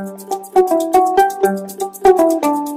Thank you.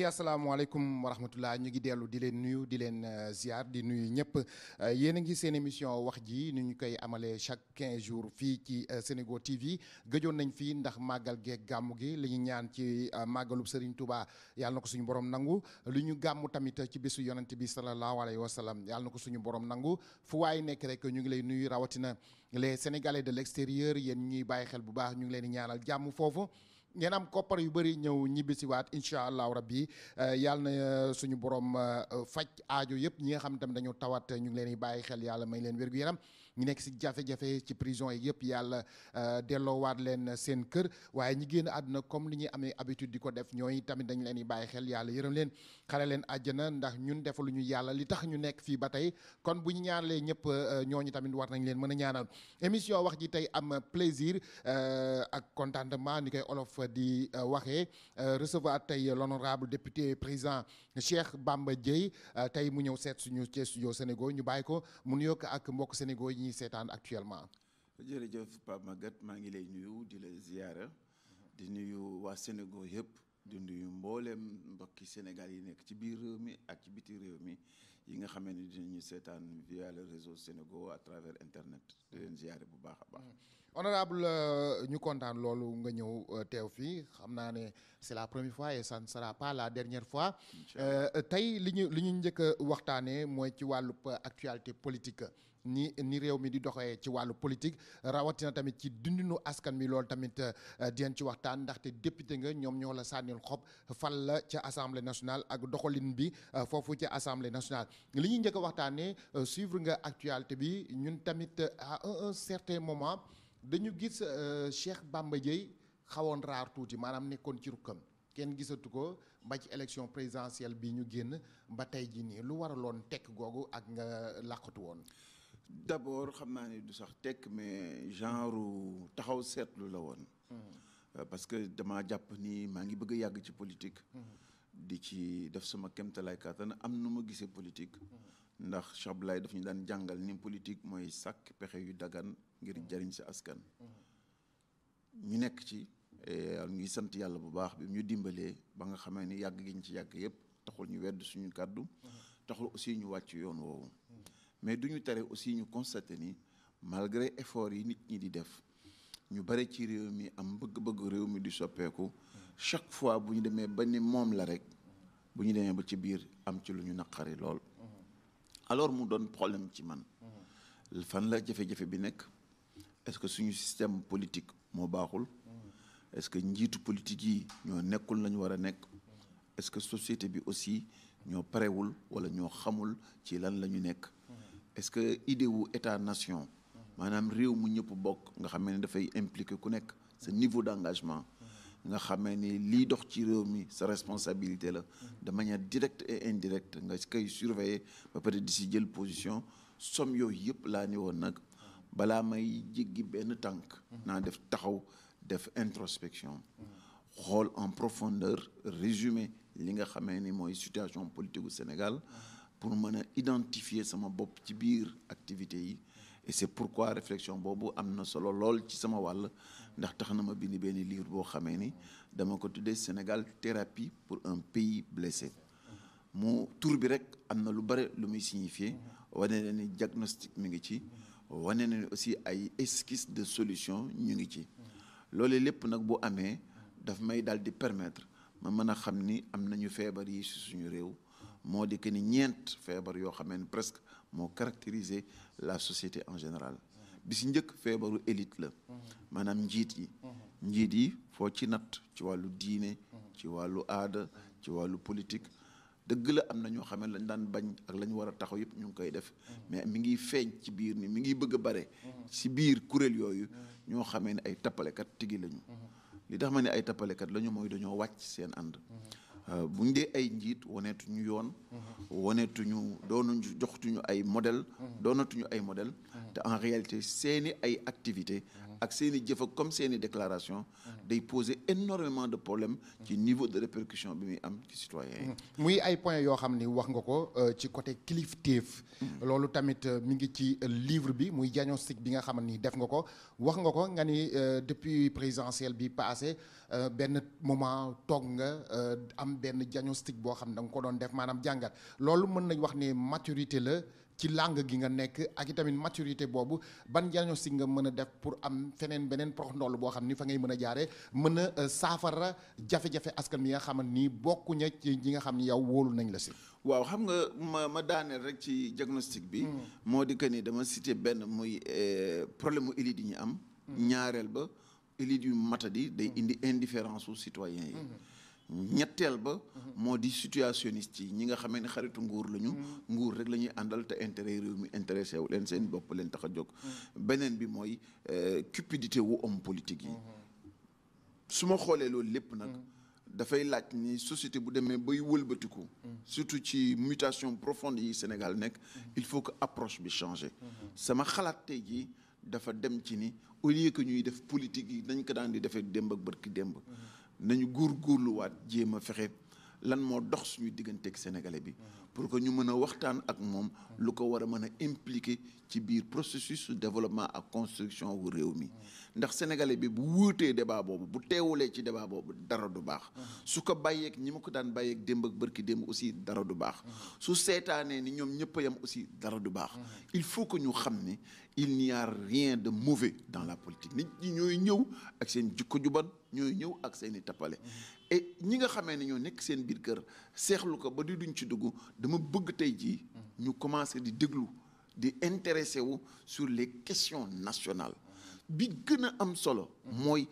yi asalaamaaleykum wa ñu ngi dellu di leen nuyu di leen euh, ziar di nuyu ñëpp euh, yéen a ngi seen émission wax ji ni ñu koy amalee chaque quinze jours fii ci euh, Sénégo TV gëjoon nañ fii ndax màggal geeg gàmm gi lañu ñaan ci màggalub Serigne Touba yàlla na ko suñu borom nangu lu ñu gàmm tamit ci bésu yonent bi sallallahu alayhi wa sallam yàlla na ko suñu borom nangu fu waaye nekk rek ñu ngi lay nuyu rawatina les Sénégalais de l' extérieur yéen ñuy bàyyi xel bu baax ñu ngi leen di ñaanal jàmm foofu. ngeen am koppar yu bëri ñëw ñibbisiwaat incha allahu rabbi eh, yàlla na eh, suñu borom eh, faj aajo yëpp ñi nga xam tamit dañu tawat ñu ngi leen di bàyyi xel yàlla may leen wér yaram ñu nekk si jafe-jafe ci prison yi yëpp yàlla euh, delloowaat leen seen kër waaye ñi génn àdduna comme li ñuy amee habitude di ko def ñooy tamit dañu leen di bàyyi xel yàlla yërëm leen xare leen àjjana ndax ñun defalu ñu yàlla li tax ñu nekk fii ba tey kon bu ñu ñaanalee ñëpp euh, ñooñu tamit war nañ leen mën a ñaanal émission wax ji tey am plaisir euh, ak contentement ni koy olof di waxee recevoir tey l'honorable député président Cheikh Bamba Dièye tey mu ñëw seet suñu ci studio Sénégal ñu bàyyi ko mu nuyoog ak mbokk Sénégal ñu seetaan actuellement. jërëjëf Pape maa ngi lay nuyu di la ziyaara di nuyu waa Sénégal yëpp. di nuyu mbooleem mbokki Sénégal yi nekk ci biir réew mi ak ci biti réew mi yi nga ni ne dinañu seetaan via le réseau Sénégal à travers internet di leen ziyaare bu baax baax. Mm. honorable euh, ñu kontaan loolu nga ñëw euh, teew fii xam naa ne c'est la première fois et ça ne pas la dernière fois. Euh, tey li ñu li ñu njëkk a waxtaanee mooy ci wàllu actualité politique. ni ni réew mi di doxee ci wàllu politique rawatina tamit ci dundinu askan mi loolu tamit euh, di ci waxtaan ndaxte député nga ñoom ñoo la sànnil xob fal la ca assemblée nationale ak doxalin bi euh, foofu ca assemblée nationale. li ñuy njëkk a waxtaanee euh, suivre nga actualité bi ñun tamit à un certain moment dañu gis Cheikh Bamba Dièye xawoon raar tuuti maanaam nekkoon ci rukkam kenn gisatu ko ba ci élection présidentielle bi ñu génn ba tey ji nii lu waraloon tekk googu ak nga làqatu woon. d'abord xam naa ni du sax tekk mais genre taxaw seetlu la woon. Hmm. Euh, parce que dama jàpp nii maa ngi bëgg a yàgg ci politique. Hmm. di ci def sama kéemtalaay kàttan am nu ma gisee politique. Hmm. ndax Cheikh Abdoulaye daf ñu daan jàngal ni politique mooy sàkk pexe yu daggan ngir jariñ si askan. ñu nekk ci ngi sant yàlla bu baax bi ñu dimbalee ba nga xamee ni yàgg giñ ci yàgg yëpp taxul ñu wedd suñu kàddu. taxul aussi ñu wàcc yoon woowu. mais du ñu tere aussi ñu constater ni malgré effort yi nit ñi di def ñu bare ci réew mi am bëgg-bëgg réew mi di soppeeku chaque fois bu ñu demee ba ni moom la rek bu ñu demee ba ci biir am ci lu ñu naqari lool. alors mu doon problème ci man. fan la jafe-jafe bi nekk est-ce que suñu système politique moo baaxul. est-ce que njiitu politique yi ñoo nekkul lañu war a nekk. est-ce que société bi aussi ñoo parewul wala ñoo xamul ci lan la ñu nekk. est-ce que idée wu état nation maanaam réew mu ñëpp bokk nga xamee ne dafay impliquer ku nekk sa niveau d'engagement nga xamee ni liy dox ci réew mi sa responsabilité la de manière directe et indirecte nga koy surveiller ba pare di si jël position somme yooyu yëpp laa ni woon nag balaa may jéggi benn tànk naa def taxaw def introspection xool en profondeur résumé li nga xamee ni mooy situation politique u Sénégal pour mën a identifier sama bopp ci biir activité yi et c'est pourquoi réflexion boobu am na solo lool ci sama wàll ndax tax na ma bind benn liir boo xamee ni dama ko tuddee Sénégal thérapie pour un pays blessé mu tour bi rek am na lu bare lu muy signifier wane na ni diagnostic mi ngi ci wane na ni aussi ay esquisse de solution ñu ngi ci loole lépp nag bu amee dafa may daal di permettre ma mën a xam ni am nañu feebar yi si suñu réew moo di que ni ñeent feebar yoo xamee ni presque moo caractériser la société en général bi si njëkk feebaru élite la maanaam njiit yi njiit yi foo ci nat ci wàllu diine ci wàllu aada ci wàllu politique dëgg la am na ñoo xam ne lañ daan bañ ak lañ war a taxaw yëpp ñu ngi koy def mais mi ngi feeñ ci biir ni mi ngi bëgg a bare ci biir kuréel yooyu ñoo xamee ne ay tappalekat tigi lañu li tax ma ne ay tappalekat lañu mooy dañoo wàcc seen ànd Euh, buñ dee ay njiit waneetuñu yoon. Mhm. waneetuñu doonuñu joxtuñu ay modèle mhm. doonatuñu ay modèle mhm. te en réalité seeni ay activité ak seen i jëf ak comme seeni déclaration day poser énormément de problème ci niveau de répercussion bi muy am ci mm-hmm. muy ay points yoo xam ni wax nga ko euh, ci côté kilifteef mm-hmm. loolu tamit euh, mi ngi ci euh, livre bi muy diagnostic bi nga xam ni def nga ko wax nga ko nga ni depuis présidentielle bi passé benn moment toog nga am benn diagnostic boo xam ne da nga ko doon def maanaam jàngat loolu mën nañ wax ni maturité la ci làng gi nga nekk ak i tamit maturité boobu ban si nga mën a def pour am feneen beneen prox ndoll boo xam ni fa ngay mën a jaaree mën a euh, saafara jafe-jafe askan mi nga xam ni bokkuña ci ñi nga xam ni yow wóolu nañ la si. waaw xam nga ma daaneel rek ci diagnostic bi. Hmm. moo di que ni dama cité benn muy euh, problème mu élite yi ñu am. Hmm. ñaareel ba élite yu matadi day hmm. indi indifférence su citoyen yi. ñetteel ba. moo di situationniste yi ñi nga xamee ne xaritu nguur lañu. nguur rek la ñuy àndal te intérêt réew mi intéressé wu leen seen bopp leen tax a jóg. beneen bi mooy euh, cupidité wu homme politique yi. su ma xoolee loolu lépp nag. dafay laaj ni société bu demee bay wëlbatiku. surtout ci mutation profonde yi Sénégal nekk. il faut que approche bi changé. sama xalaat tey jii dafa dem ci ni au lieu que ñuy def politique yi dañ ko daan di defee démb ak bërki démb. nañu góorgóorluwaat jéem a fexe lan moo dox suñu digganteeg sénégalais bi pour que ñu mën a waxtaan ak moom lu ko war a mën a impliqué ci biir processus développement ak construction wu réew mi ndax sénégalais bi bu wóotee débat boobu bu teewulee ci débat boobu dara du baax su ko bàyyeeg ñi ma ko daan bàyyeeg démb ak bërki démb aussi dara du baax su seetaanee ni ñoom ñëpp a yam aussi dara du baax il faut que ñu xam ni il n'y a rien de mauvais dans la politique nit ñi ñooy ñëw ak seen jikko ju bon ñooy ñëw ak seen i tappale mm-hmm. et ñi nga xamee ne ñoo nekk seen biir kër seexlu ko ba di duñ ci dugg dama bëgg tey jii mm-hmm. ñu commencé di déglu di intéressé wu sur les questions nationale mm-hmm. bi gën a am solo mooy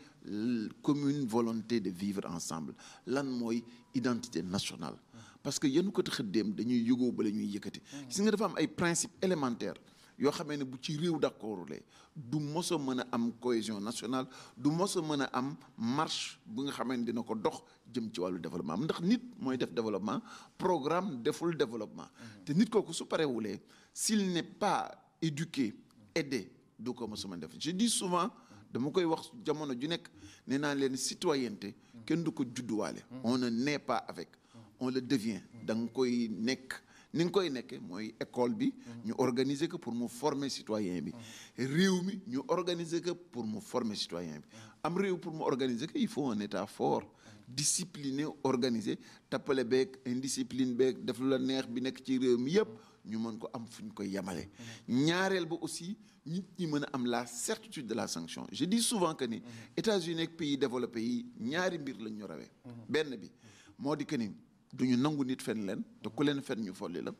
commune volonté de vivre ensemble lan mooy identité nationale parce que yenu ko tax a dañuy yëgoo ba la ñuy yëkkati gis nga dafa am ay principes élémentaires yoo xamee ne bu ci réew d'accordulee du mos mën a am cohésion nationale du mos mën a am marche bu nga xamee ne dina ko dox jëm ci wàllu développement ndax nit mooy def développement programme deful développement mmh. te nit kooku su parewulee s'il ne pas éduqué aidé du ko mos a def je souvent dama koy wax jamono ju nekk nee naa leen citoyenneté kenn du ko judduwaale mmh. on ne naît pas avec mmh. on le devient da nga koy nekk ni nga koy nekkee mooy école bi. ñu organiser ko pour mu former citoyen bi. réew mi ñu organiser ko pour mu former citoyen bi. am réew pour mu organiser ko il faut un état fort. discipliné organisé tappale beeg indiscipline beeg def la neex bi nekk ci réew mi yëpp ñu mën ko am fu ñu koy yemale. ñaareel ba aussi ñu ñi mën a am la certitude de la sanction je dis souvent que ni. Mhm. États-Unis ak pays développés yi ñaari mbir lañ ñu rawee. Mhm. benn bi moo di que ni. duñu nangu nit fen leen te ku leen fen ñu folli la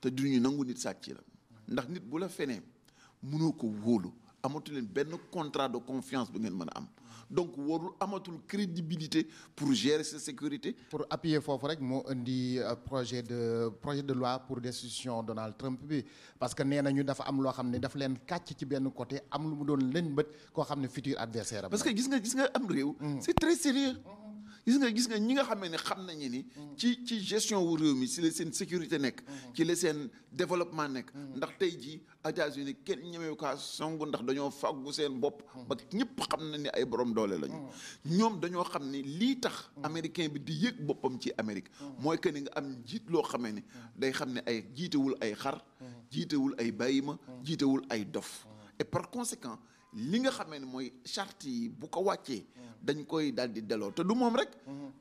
te duñu nangu nit sàcc la ndax nit bu la fenee mënoo ko wóolu amatu leen benn contrat de confiance bu ngeen mën a am donc warul amatul crédibilité pour gérer sa sécurité. pour appuyer foofu rek moo indi euh, projet de projet de loi pour destitution Donald Trump bi parce que nee ñu dafa am loo xam ne dafa leen kàcc ci benn côté am lu mu doon leen bët koo xam ne futur adversaire am. parce que gis nga gis nga am réew. Mm. c'est gis nga gis nga ñi nga xam ne xam nañu ni. ci ci gestion wu réew mi si la seen sécurité nekk. ci la seen développement nekk. ndax tey jii États-Unis kenn ñemewu kaa song ndax dañoo fàggu seen bopp. ba ñëpp xam na ni ay borom doole lañu. ñoom dañoo xam ni lii tax. américain bi di yëg boppam ci Amérique. mooy que ni nga am jiit loo xamee ni. day xam ne ay jiitewul ay xar. jiitewul ay ma jiitewul ay dof. et par conséquent. li nga xamee ne mooy charte yi bu ko wàccee dañ koy daal di delloo te du moom rek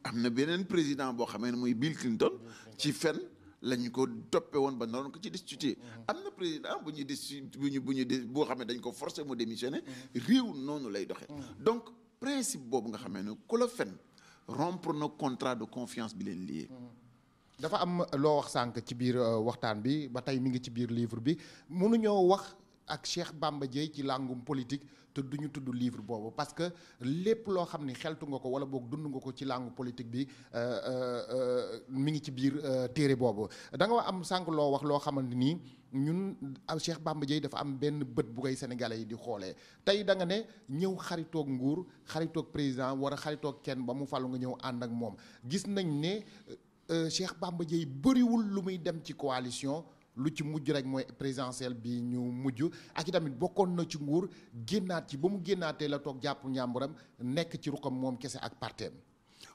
am na beneen président boo xamee ne mooy Bill Clinton ci fen lañ ko toppe woon ba naroon ko ci destitué am na président bu ñu dis bu ñu bu ñu di boo xam ne dañ ko forcé mu démissionné réew noonu lay doxe donc principe boobu nga xamee ne ku la fen rompre na contrat de confiance bi leen lié dafa am loo wax sànq ci biir euh, waxtaan bi ba tey mi ngi ci biir livre bi mënuñoo wax ak Cheikh Bamba Dièye ci làngum politique te du ñu tudd livre boobu parce que lépp loo xam ni xeltu nga ko wala boog dund nga ko ci làngu politique bi euh, euh, mu ngi ci biir euh, téere boobu danga nga am sànq loo wax loo xamante nii ñun Cheikh Bamba Dièye dafa am benn bët bu koy sénégalais yi di xoolee tey da nga ne ñëw xaritoog nguur xaritoog président war a xaritoog kenn ba mu falu nga ñëw ànd ak moom gis nañ ne Cheikh Bamba Dièye bëriwul lu muy dem ci coalition lu ci mujj rek mooy présidentielle bi ñu mujj ak i tamit bokkoon na ci nguur génnaat ci ba mu génnaatee la toog jàpp njàmburam nekk ci ruqam moom kese ak parteem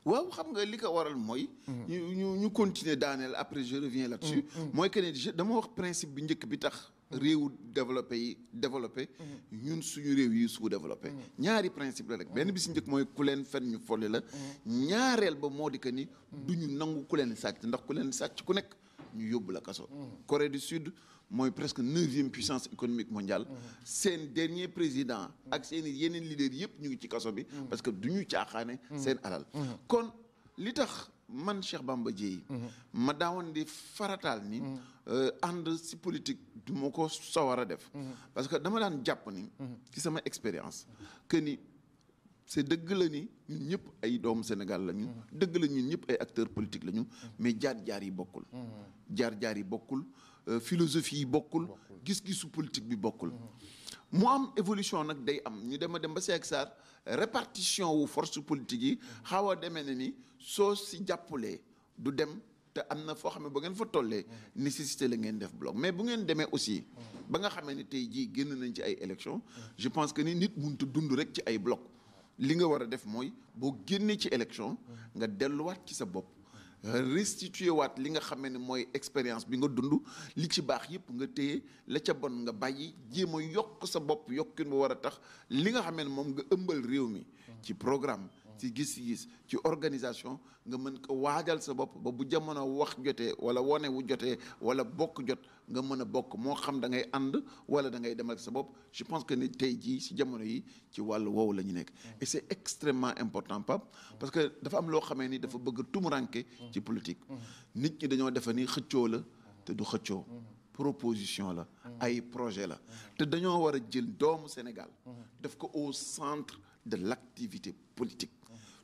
waaw xam nga li ko waral mooy. ñu ñu ñu continuer daaneel après je reviens là-dessus. Mm, mm. mooy que ne dama wax principe bi njëkk bi tax. réewu développé yi développé. Mm. ñun suñu réew yi su développé. ñaari principe la rek benn bis si njëkk mooy ku leen fen ñu folli la. ñaareel ba moo di que ni. du ñu nangu ku leen sàcc ndax ku leen sàcc ku nekk. ñu yóbbu la kaso. Corée du Sud mooy presque neuvième puissance économique mondiale. seen dernier président. ak seen yeneen leaders yëpp ñu ngi ci kaso bi. parce que du ñu caaxaane. seen alal kon li tax. man Cheikh Bamba Dièye ma daawoon di farataal ni euh, ànd si politique du ma ko sawar a def parce que dama daan jàpp ni ci sama expérience que c'est dëgg la ni ñun ñëpp ay doomu Sénégal la ñu. Mm-hmm. dëgg la ñun ñëpp ay acteur politiques la ñu. Mm-hmm. mais jaar-jaar yi bokkul. Mm-hmm. jaar-jaar yi bokkul euh, philosophie yi bokkul. gis-gisu politique bi bokkul. mu am évolution nag day am ñu dem a dem ba Seck Sarr répartition wu force politique yi xaw a demee ne ni soo si jàppalee du dem te am na foo xam ne ba ngeen fa tollee nécessité la ngeen def bloc mais bu ngeen demee aussi ba nga xamee ne tey jii génn nañ ci ay élections je pense que ni nit mënut a rek ci ay bloc. li nga war a def mooy boo génnee ci élection nga delluwaat ci sa bopp restituer waat li nga xamee ne mooy expérience bi nga dund li ci baax yëpp nga téye la ca bon nga bàyyi jéem a yokk sa bopp yokkin bu war a tax li nga xamee ne moom nga ëmbal réew mi ci programme ci gis-gis ci organisation nga mën ko waajal sa bopp ba bu jamono wax jotee wala wone wu jotee wala bokk jot nga mën a bokk moo xam da ngay ànd wala da ngay sa bopp je pense que ni tey jii si jamono yi ci la ñu nekk. et c' est extrêmement loo xamee ni dafa bëgg tumuranke ci politique. nit ñi dañoo defe ni xëccoo la te du xëccoo. proposition la ay projet la te dañoo war a jël doomu Sénégal def ko au centre de l' activité politique.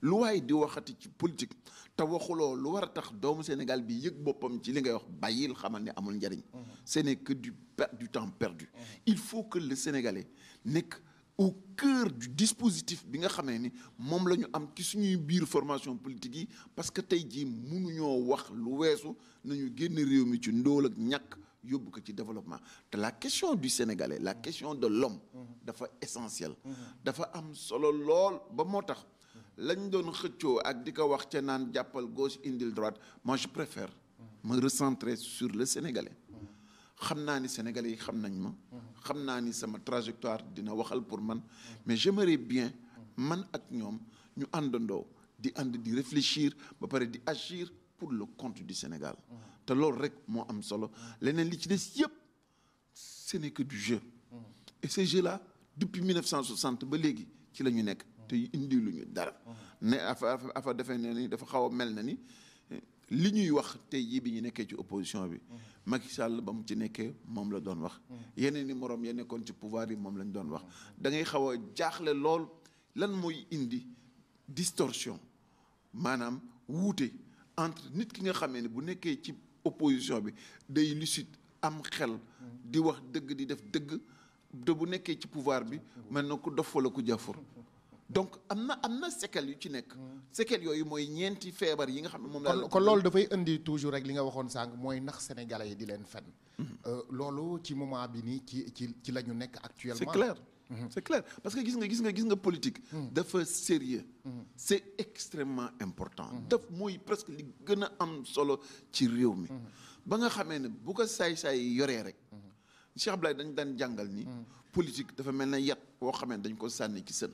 lu waaye di waxati ci politique te waxuloo lu war a tax doomu Sénégal bi yëg boppam ci li ngay wax bàyyil xamal ne amul njariñ mhm. ce n'est que du du temps perdu mhm. il faut que le Sénégalais nekk au cœur du dispositif bi nga xamee ni moom la ñu am ci suñuy biir formation politique yi parce que tey jii munuñoo wax lu weesu nañu génn réew mi ci ndóol ak ñàkk yóbbu ko ci développement te la question du sénégalais la mhm. question de l'homme dafa essentielle dafa am solo lool ba moo tax lañ doon xëccoo ak di ko wax ca naan jàppal gauche indil droite moi je préfère me recentrer sur le sénégalais xam naa ni sénégalais yi xam nañ ma xam naa ni sama trajectoire dina waxal pour man mais j'aimerais bien man ak ñoom ñu àndandoo di ànd di réfléchir ba pare di agir pour le compte du Sénégal te loolu rek moo am solo leneen li ci des yëpp ce n'est que du jeu et ce jeu là depuis ba léegi ci la ñu nekk te indi lu ñu dara. ne afa afa defee ne ni dafa xaw a mel na ni li ñuy wax tey jii bi ñu nekkee ci opposition bi. Macky Sall ba mu ci nekkee moom la doon wax. yeneen i morom ya nekkoon ci pouvoir yi moom lañ doon wax dangay xaw a jaaxle lool lan mooy indi distorsion maanaam wuute entre nit ki nga xamee ne bu nekkee ci opposition bi day lucide am xel. di wax dëgg di def dëgg. te bu nekkee ci pouvoir bi mel na ku dof wala ku jafur donc am na am na séquelles yu ci nekk. séquelles yooyu mooy ñeenti feebar yi nga xam ne moom la. ko loolu dafay indi toujours rek li nga waxoon sànq mooy nax sénégalais yi di leen fen mhm. euh, loolu ci moment bi nii ci ci ci la ñu nekk actuellement. c'est clair mhm. c'est clair parce que gis nga gis nga gis nga politique. Mhm. dafa sérieux c'est extrêmement important. daf mooy presque li gën a am solo ci réew mi. ba nga xamee ne bu ko saay-saay yoree rek. Cheikh Abdoulaye dañ daan jàngal ni. politique dafa mel ne yat boo xamee dañ ko sànni ci sën.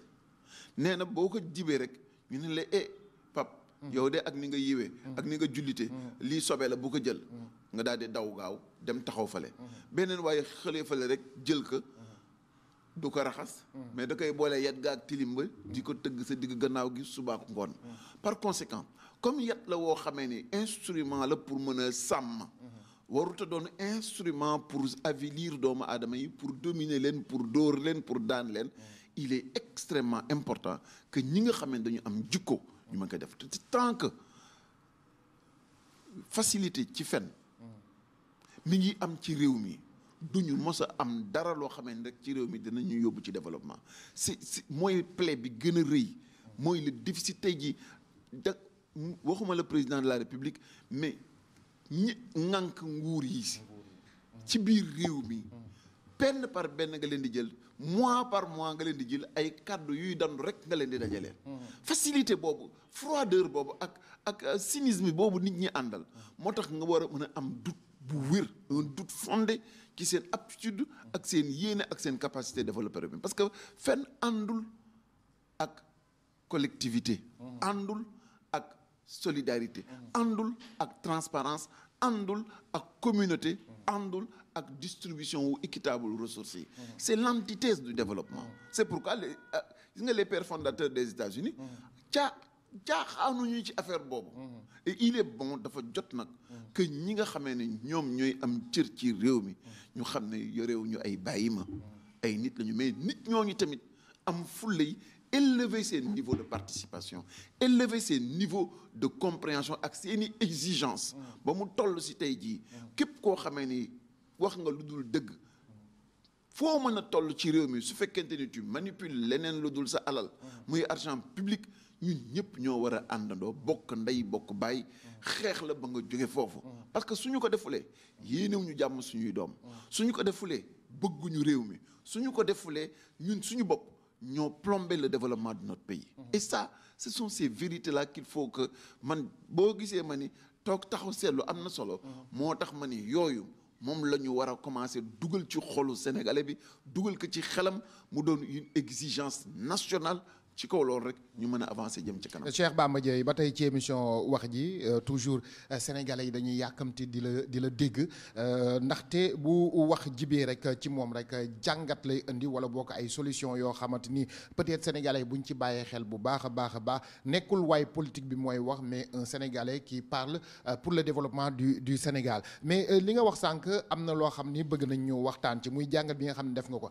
nee na boo ko jibee rek ñu ne la eh pap mm-hmm. yow de ak ni nga yiwee mm-hmm. ak ni nga jullite mm-hmm. lii sobe la bu ko jël nga daal di daw gaaw dem taxaw fale beneen waaye xëlee fale rek jël ko du ko raxas mais da koy boolee yat ga ak tilim ba di ko tëgg sa digg gannaaw gi subaak ngoon par conséquent comme yat la woo xamee ni instrument la pour mën a sàmm waruta doon instrument pour avilir doomu aadama yi pour dominer leen pour dóor leen pour daan leen il est extrêmement important que ñi nga xam ne dañu am jikko ñu mën ko def te tant que facilité ci fen mi ngi am ci réew mi duñu mos a am dara loo xamee ne rek ci réew mi dinañu yóbbu ci développement si si mooy plaie bi gën a rëy mooy le déficit tey ji da waxuma la président de la république mais ñi ŋànk nguur yi ci biir réew mi benn par benn nga leen di jël mois par mois nga leen di jël ay kàddu yuy dandu rek nga leen di dajaleel facilité boobu froideur boobu ak ak euh, cynisme boobu nit ñi àndal moo tax nga war a mën a am doute bu wér un fonde ci seen aptitude ak seen yéene ak seen capacité développeur bi parce que fenn àndul ak collectivité mmh. àndul solidarité àndul ak transparence àndul ak communauté àndul ak distribution wu équitable ressources yi c'est l'antithèse du développement c'est pourquoi les euh, gis les pères fondateurs des États-Unis ca ca caaxaanuñu ci affaire boobu il est bon dafa jot nag que ñi nga xamee ne ñoom ñooy am cër ci réew mi ñu xam ne yorewuñu ay bàyyi ma ay nit lañu mais nit ñooñu tamit am fulla élever seen niveau de participation élever seen niveau de compréhension ak seeni exigence ba mu toll si tey jii képp koo xamee ni wax nga lu dul dëgg foo mën a toll ci réew mi su fekkente ni tu manipules leneen lu dul sa alal muy argent public ñun ñëpp ñoo war a àndandoo bokk ndey bokk baay xeex la ba nga jóge foofu parce que suñu ko defulee yéenewuñu jàmm suñuy doom suñu ko defulee bëgguñu réew mi suñu ko defulee ñun suñu bopp ñoo plombé le développement de notre pays. Mhm. et ça ce sont ces vérités là qu'il faut que man boo gisee ma ni toog taxaw seetlu am na solo. Mhm. moo tax ma ni yooyu moom la ñu war a commencer dugal ci xolu sénégalais bi dugal ko ci xelam mu doon une exigence nationale. ci kaw loolu rek ñu mën a avancer jëm ci kanam. Cheikh Bamba Dièye ba tey ci émission wax ji euh, toujours euh, sénégalais yi dañuy yàkkamti di la di la dégg euh, ndaxte bu wax jibee rek ci moom rek jàngat lay indi wala boo ko ay solution yoo xamante ni peut-être sénégalais buñ ci bàyyee xel bu baax a baax a baax nekkul waay politique bi mooy wax mais un sénégalais qui parle pour le développement du du Sénégal mais li nga wax sànq am na loo xam ni bëgg nañ ñu waxtaan ci muy jàngat bi nga xam ne def nga ko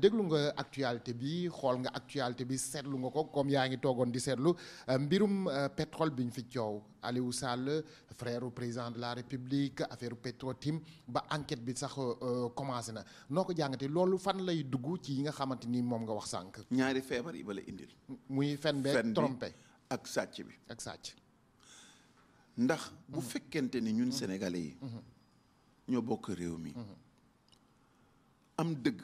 déglu nga actualité bi xool nga actualité bi seetlu nga ko comme yaa ngi toogoon di seetlu euh, mbirum euh, pétrole bi ñu fi coow Aliou Sall frère u président de la République affaire Petro-Tim ba enquête bi sax euh, commencé na noo ko jàngatee loolu fan lay dugg ci yi nga xamante ni moom nga wax sànq. ñaari feebar yi ba la indil. muy fen beeg trompé ak sàcc bi ak sàcc. ndax bu mm-hmm. fekkente ni ñun mm-hmm. sénégalais yi. Mm-hmm. ñoo bokk réew mi. am dëgg.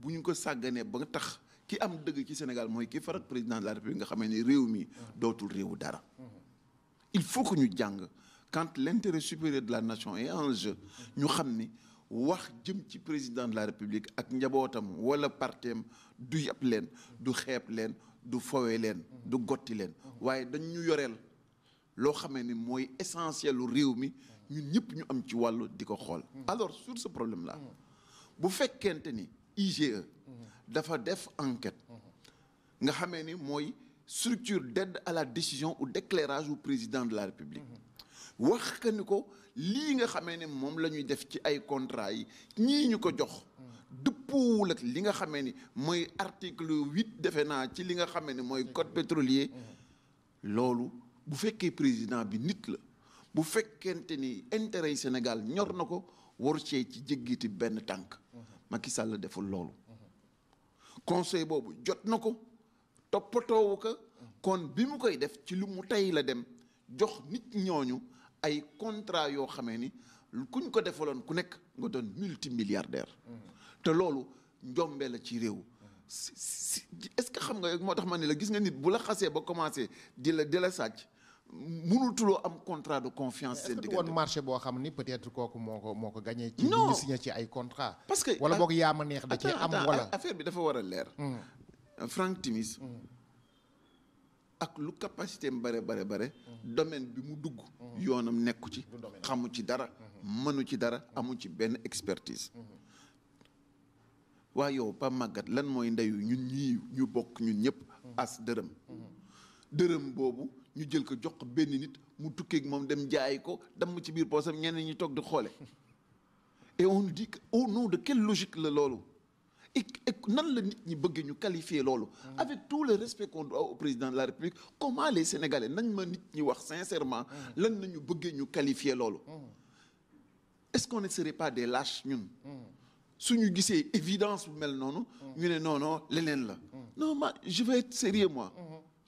bu ñu ko sàgganee ba tax ki am dëgg ci Sénégal mooy ki faral président de la République nga xamee ni réew mi dootul réewu dara il faut que ñu jàng quand l'intérêt supérieur de la nation est en jeu ñu xam ni wax jëm ci président de la République ak njabootam wala partem du yàpp leen du xeeb leen du fowe leen du gotti leen waaye dañ ñu yoreel loo xamee ni mooy essentiel lu réew mi ñun ñëpp ñu am ci wàllu di ko xool alors sur ce problème là bu fekkente ni IGE dafa def enquête nga xame ni mooy structure d'aide à la décision ou d'éclairage wu président de la République wax ka ni ko lii nga xamee ne moom la ñuy def ci ay contrat yi ñii ñu ko jox dëppoowul ak li nga xamee ni mooy article huit defe naa ci li nga xamee ne mooy code pétrolier loolu bu fekkee président bi nit la bu fekkente ni intérêt yi Sénégal ñor na ko waru cee ci jéggiti benn tànk Macky Sall deful loolu conseil boobu jot na ko toppatoowu ko kon bi mu koy def ci lu mu tey la dem jox nit ñooñu ay contrat yoo xamee ni kuñ ko defaloon ku nekk nga doon multimilliardaire te loolu njombe la ci réew si est-ce que xam nga moo tax ma ni la gis nga nit bu la xasee ba commencé di la di la sàcc mënutuloo am contrat de confiance. seen diggante boo xam ni peut-être kooku moo ko moo ko gagné. ci ñu signé ci ay contrat parce que wala boog yaama ma neex da cee am. wala affaire bi dafa war a leer. Hmm. Franck Timis. Hmm. ak lu capacité am bare bare bare. domaine bi mu dugg. Hmm. yoonam nekku ci. xamu ci dara. mënu ci dara amu ci benn expertise. waa yow Pape Maguette lan mooy ndeyu ñun ñii ñu bokk ñun ñëpp. as dërëm. dërëm boobu. ñu jël ko jox ko benn nit mu tukkeeg moom dem jaay ko damm ci biir poosam ñeneen ñi toog di xoole et on dit que de quelle logique la loolu et nan la nit ñi bëgg ñu qualifier loolu mm. avec tout le respect qu'on doit au président de la république comment les sénégalais nañ ma nit ñi wax sincèrement mm. lan nañu bëggee ñu qualifier loolu mm. est-ce qu'on ne serait pas des lâches ñun suñu gisee évidence bu mel noonu ñu ne non non la non ma je vais moi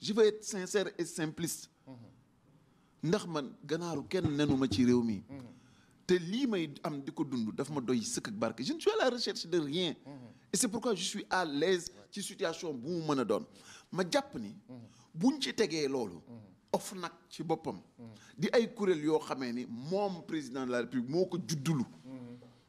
je veux être sincère et simpliste ndax man ganaaru kenn ma ci réew mi te lii may am di ko dund dafa ma doy sëkk ak barke je ne suis à la recherche de rien et c'est pourquoi je suis à l'aise ci situation bu mu mën a doon ma jàpp ni buñ ci tegee loolu of nag ci boppam di ay kuréel yoo xamee ni moom président de la république moo ko juddulu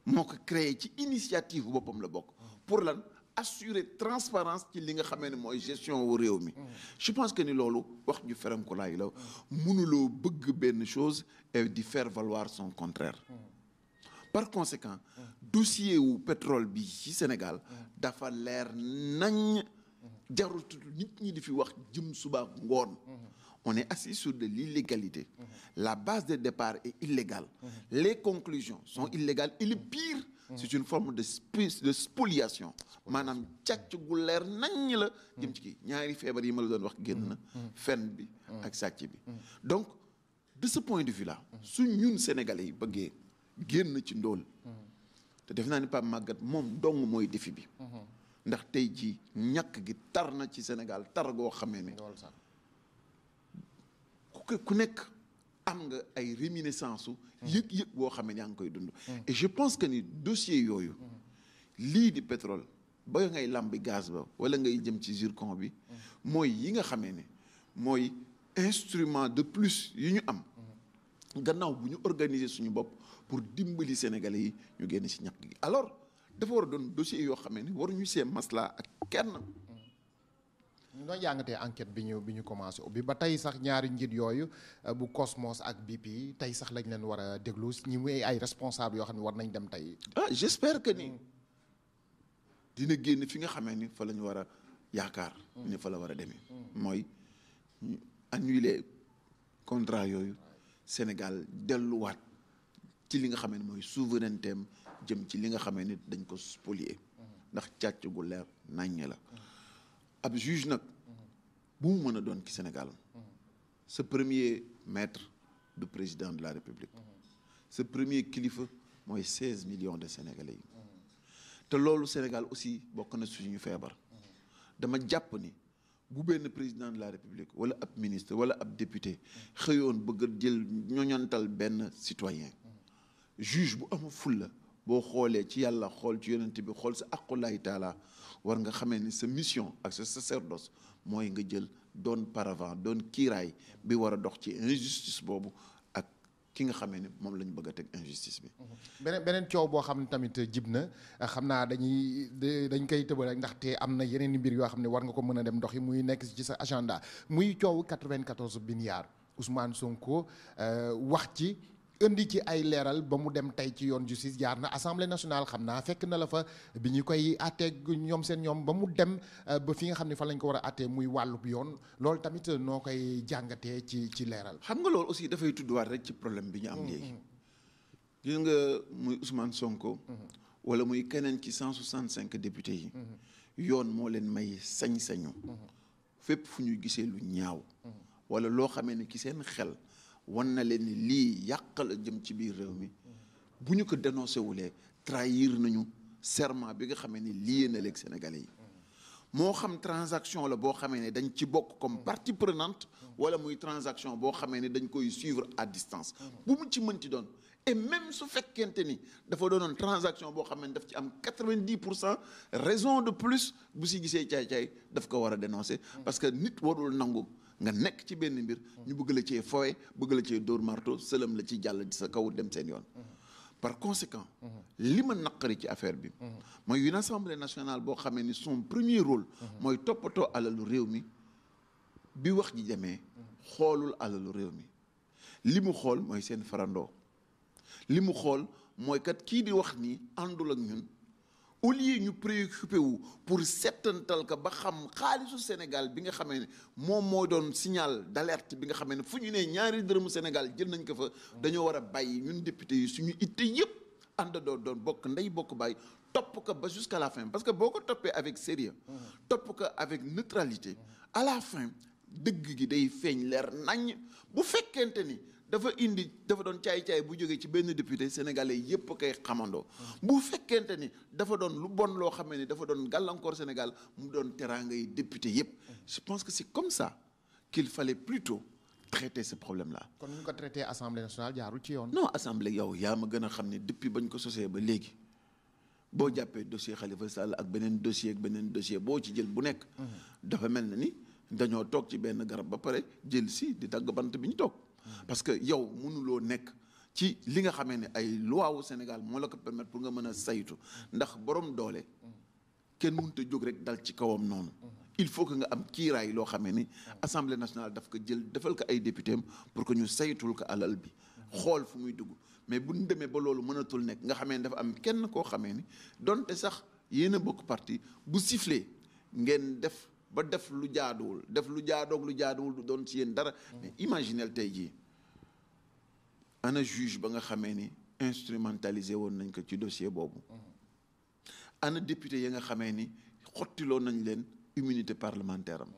moo ko créer ci initiative boppam la bokk pour lan assurer transparence ci li nga xamee ne mooy gestion wu réew mi je pense que ni loolu wax ju feram ko laay la mënuloo bëgg benn chose et di faire valoir son contraire par conséquent dossier wu pétrole bi ci Sénégal dafa leer nañ jarul nit ñi di fi wax jëm suba ngoon on est assis sur de l'illégalité la base de départ est illégale les conclusions sont illégales et le pire Mm. c'est une forme de de spoliation maanaam càcc gu leer ñi la jëm ci kii ñaari feebar yi ma la doon wax génn na mm. Mm. fen bi ak sàcc bi donc de ce point de vue là su ñun sénégalais yi bëggee na ci ndóol te def naa ni Pape Maguette moom dong mooy défi bi mm-hmm. ndax tey ji ñàkk gi tar na ci Sénégal tar goo xamee ne ku nekk am nga ay réminiscence su hmm. yëg-yëg boo xam ne yaa ngi koy dund hmm. et je pense que ni dossier yooyu hmm. lii di pétrole ba ngay làmbi gaz ba wala ngay jëm ci zircon bi mooy yi nga xamee ne mooy instrument de plus yu ñu am gannaaw bu ñu organiser suñu bopp pour dimbali sénégalais yi ñu génn ci ñàkk gi alors dafa war a doon dossier yoo xamee ne waruñu see masla ak kenn ñu doon jàngatee enquête bi ñu bi ñu commencé ubbi ba tey sax ñaari njiit yooyu euh, bu Cosmos ak BP tey sax lañ leen war a déglu ñi muy ay responsable yoo xam ne war nañ dem tey. ah j'espère que ni dina génn fi nga xamee ni fa lañu war a yaakaar. Mm. ni fa la war a demee. Mm. mooy ñu contrat yooyu Sénégal delluwaat ci li nga xamee ni mooy souveraineté am jëm ci li nga xamee nit dañ ko spolier mm. ndax càcc gu leer naññ la. ab juge nag bu mu mën a doon ci Sénégal sa premier maître du président de la République sa premier kilifa mooy seize million de Sénégalais yi te loolu Sénégal aussi bokk na suñu feebar dama jàpp ni bu benn président de la république wala ab ministre wala ab député xëyoon bëgg a jël ñoñantal benn citoyen juge bu amul fulla boo xoolee ci yàlla xool ci yonent bi xool sa aqulaay taala war nga xamee ni sa mission ak sa sacerdoce mooy nga jël doon paravent doon kiiraay bi war a dox ci injustice boobu ak ki nga xamee ni moom la ñu bëgg a teg injustice bi. beneen beneen coow boo xam ne tamit jib na xam naa dañuy dañ koy tëbal rek ndaxte am na yeneen i mbir yoo xam ne war nga ko mën a dem doxi muy nekk ci sa agenda muy coowu 94 milliards Ousmane Sonko euh, wax ci. indi ci ay leeral ba mu dem tey ci yoon justice jaar na assemblée nationale xam naa fekk na la fa bi ñu koy àtteeg ñoom seen ñoom ba mu dem euh, ba fi nga xam ne fan lañ ko war a àttee muy wàllu yoon loolu tamit noo koy jàngatee ci ci leeral. xam nga loolu aussi dafay tudduwaat rek ci problème bi ñu am mm-hmm. léegi. gis nga muy Ousmane Sonko. Mm-hmm. wala muy keneen ci cent cinq députés yi. Mm-hmm. yoon moo leen may sañ-sañu. fépp fu ñuy gisee lu ñaaw. wala loo xamee ne ci seen xel. wan na leen ni lii yàqal jëm ci biir réew mi bu ñu ko dénoncé wulee trahir nañu serment bi nga xamee ni lii na lekk sénégal yi moo xam transaction la boo xamee ne dañ ci bokk comme partie prenante wala muy transaction boo xamee ne dañ koy suivre à distance bu mu ci mënti doon et même su fekkente ni dafa doonoon transaction boo xam ne daf ci am quatre vingt pour cent raison de plus bu si gisee caay-caay daf ko war a dénoncer parce que nit warul nangu nga nekk ci benn mbir ñu bëgg la cee fowe bëgg la cee door marto sëlam la ci jàll di sa kaw dem seen yoon par conséquent li ma naqari ci affaire bi mooy une assemblée nationale boo xamee ni son premier rôle mooy toppatoo alalu réew mi bi wax ji demee xoolul alalu réew mi li mu xool mooy seen farandoo li mu xool mooy kat kii di wax nii àndul ak ñun au lieu ñu préoccupé wu pour settantal ka ba xam xaalisu Sénégal bi nga xamee ne moom moo doon signal d'alerte bi nga xamee ne fu ñu nee ñaari dërëmu Sénégal jël nañ ko fa dañoo war a bàyyi ñun député yi suñu itte yëpp àndandoo doon bokk ndey bokk bàyyi topp ko ba jusqu'à la fin parce que boo ko toppee avec sérieux topp ko avec neutralité à la fin dëgg gi day feeñ leer nañ bu fekkente ni dafa indi dafa doon caay-caay bu jógee ci benn député sénégalais yépp koy xamandoo mm. bu fekkente ni dafa doon lu bon loo xamee ni dafa doon gàllankoor Sénégal mu doon teraanga yi député yépp mm. je pense que c'est comme ça qu'il fallait plutôt traiter ce problème là. kon ñu ko traité assemblée nationale jaarul ci yoon. non assemblée yow yaa ma gën a xam ni depuis bañ ko sosee ba léegi boo jàppee dossier Khalifa Sall ak beneen dossier beneen dossier boo ci jël bu nekk. Mm. dafa mel na ni dañoo toog ci benn garab ba pare jël si di dagg bant bi ñu toog. parce que yow mënuloo nekk ci li nga xamee ne ay luwaawu Sénégal moo la ko permettre pour nga mën a saytu ndax borom doole kenn mënut a jóg rek dal ci kawam noonu. il faut que nga am kiiraay loo xamee ni assemblée nationale daf ko jël defal ko ay député pour que ñu saytul ko alal bi xool fu muy dugg mais bu ñu demee ba loolu mënatul nekk nga xamee ni dafa am kenn koo xamee ni donte sax yéen a bokk parti bu sifflé ngeen def. ba def lu jaaduwul def lu jaadoog lu jaaduwul du doon ci yéen dara mais tey jii ana juge ba nga xamee ni instrumentalisé woon nañ ko ci dossier boobu ana député yi nga xamee ni xottiloo nañ leen immunité parlementaire am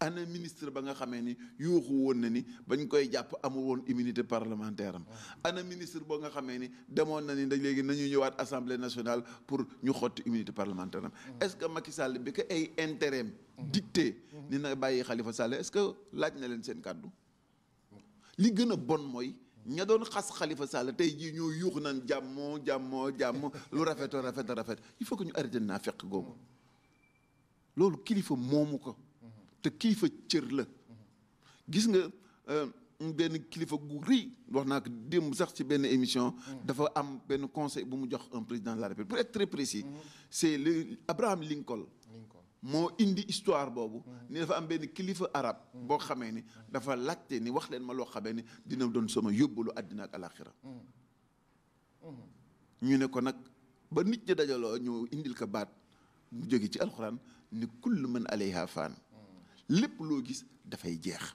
ana ministre ba nga xamee ni yuuxu woon na ni bañ koy jàpp amul woon immunité parlementaire am ah. ana ministre boo nga xamee ni demoon na ni da léegi nañu ñëwaat assemblée nationale pour ñu xotti immunité parlementaire am mm. est-ce que Macky Sall bi ko ay intérêt mm. dicté ni na bàyyi xalifa Sall est que laaj na leen seen kàddu li gën a bon mooy ña doon xas xalifa Sall tey jii ñoo yuuxu naan jàmmoo jàmmoo jàmmoo lu rafet rafet rafet il faut que ñu arrêté naa fekk googu mm. loolu kilifa moomu ko te kilifa cër la gis nga euh, benn kilifa gu rëy wax naa ko démb sax ci benn émission. dafa am benn conseil bu mu jox un président de la République pour être est le Abraham Lincoln. moo indi histoire boobu. ni dafa am benn kilifa arab. boo xamee ni dafa laajte ni wax leen ma loo xamee ni dina doon sama yóbbalu àddina ak alaxira ñu ne ko nag ba nit ñi dajaloo ñu indil ko baat mu jóge ci alxuraan ni kull man alayha faan lépp loo gis dafay jeex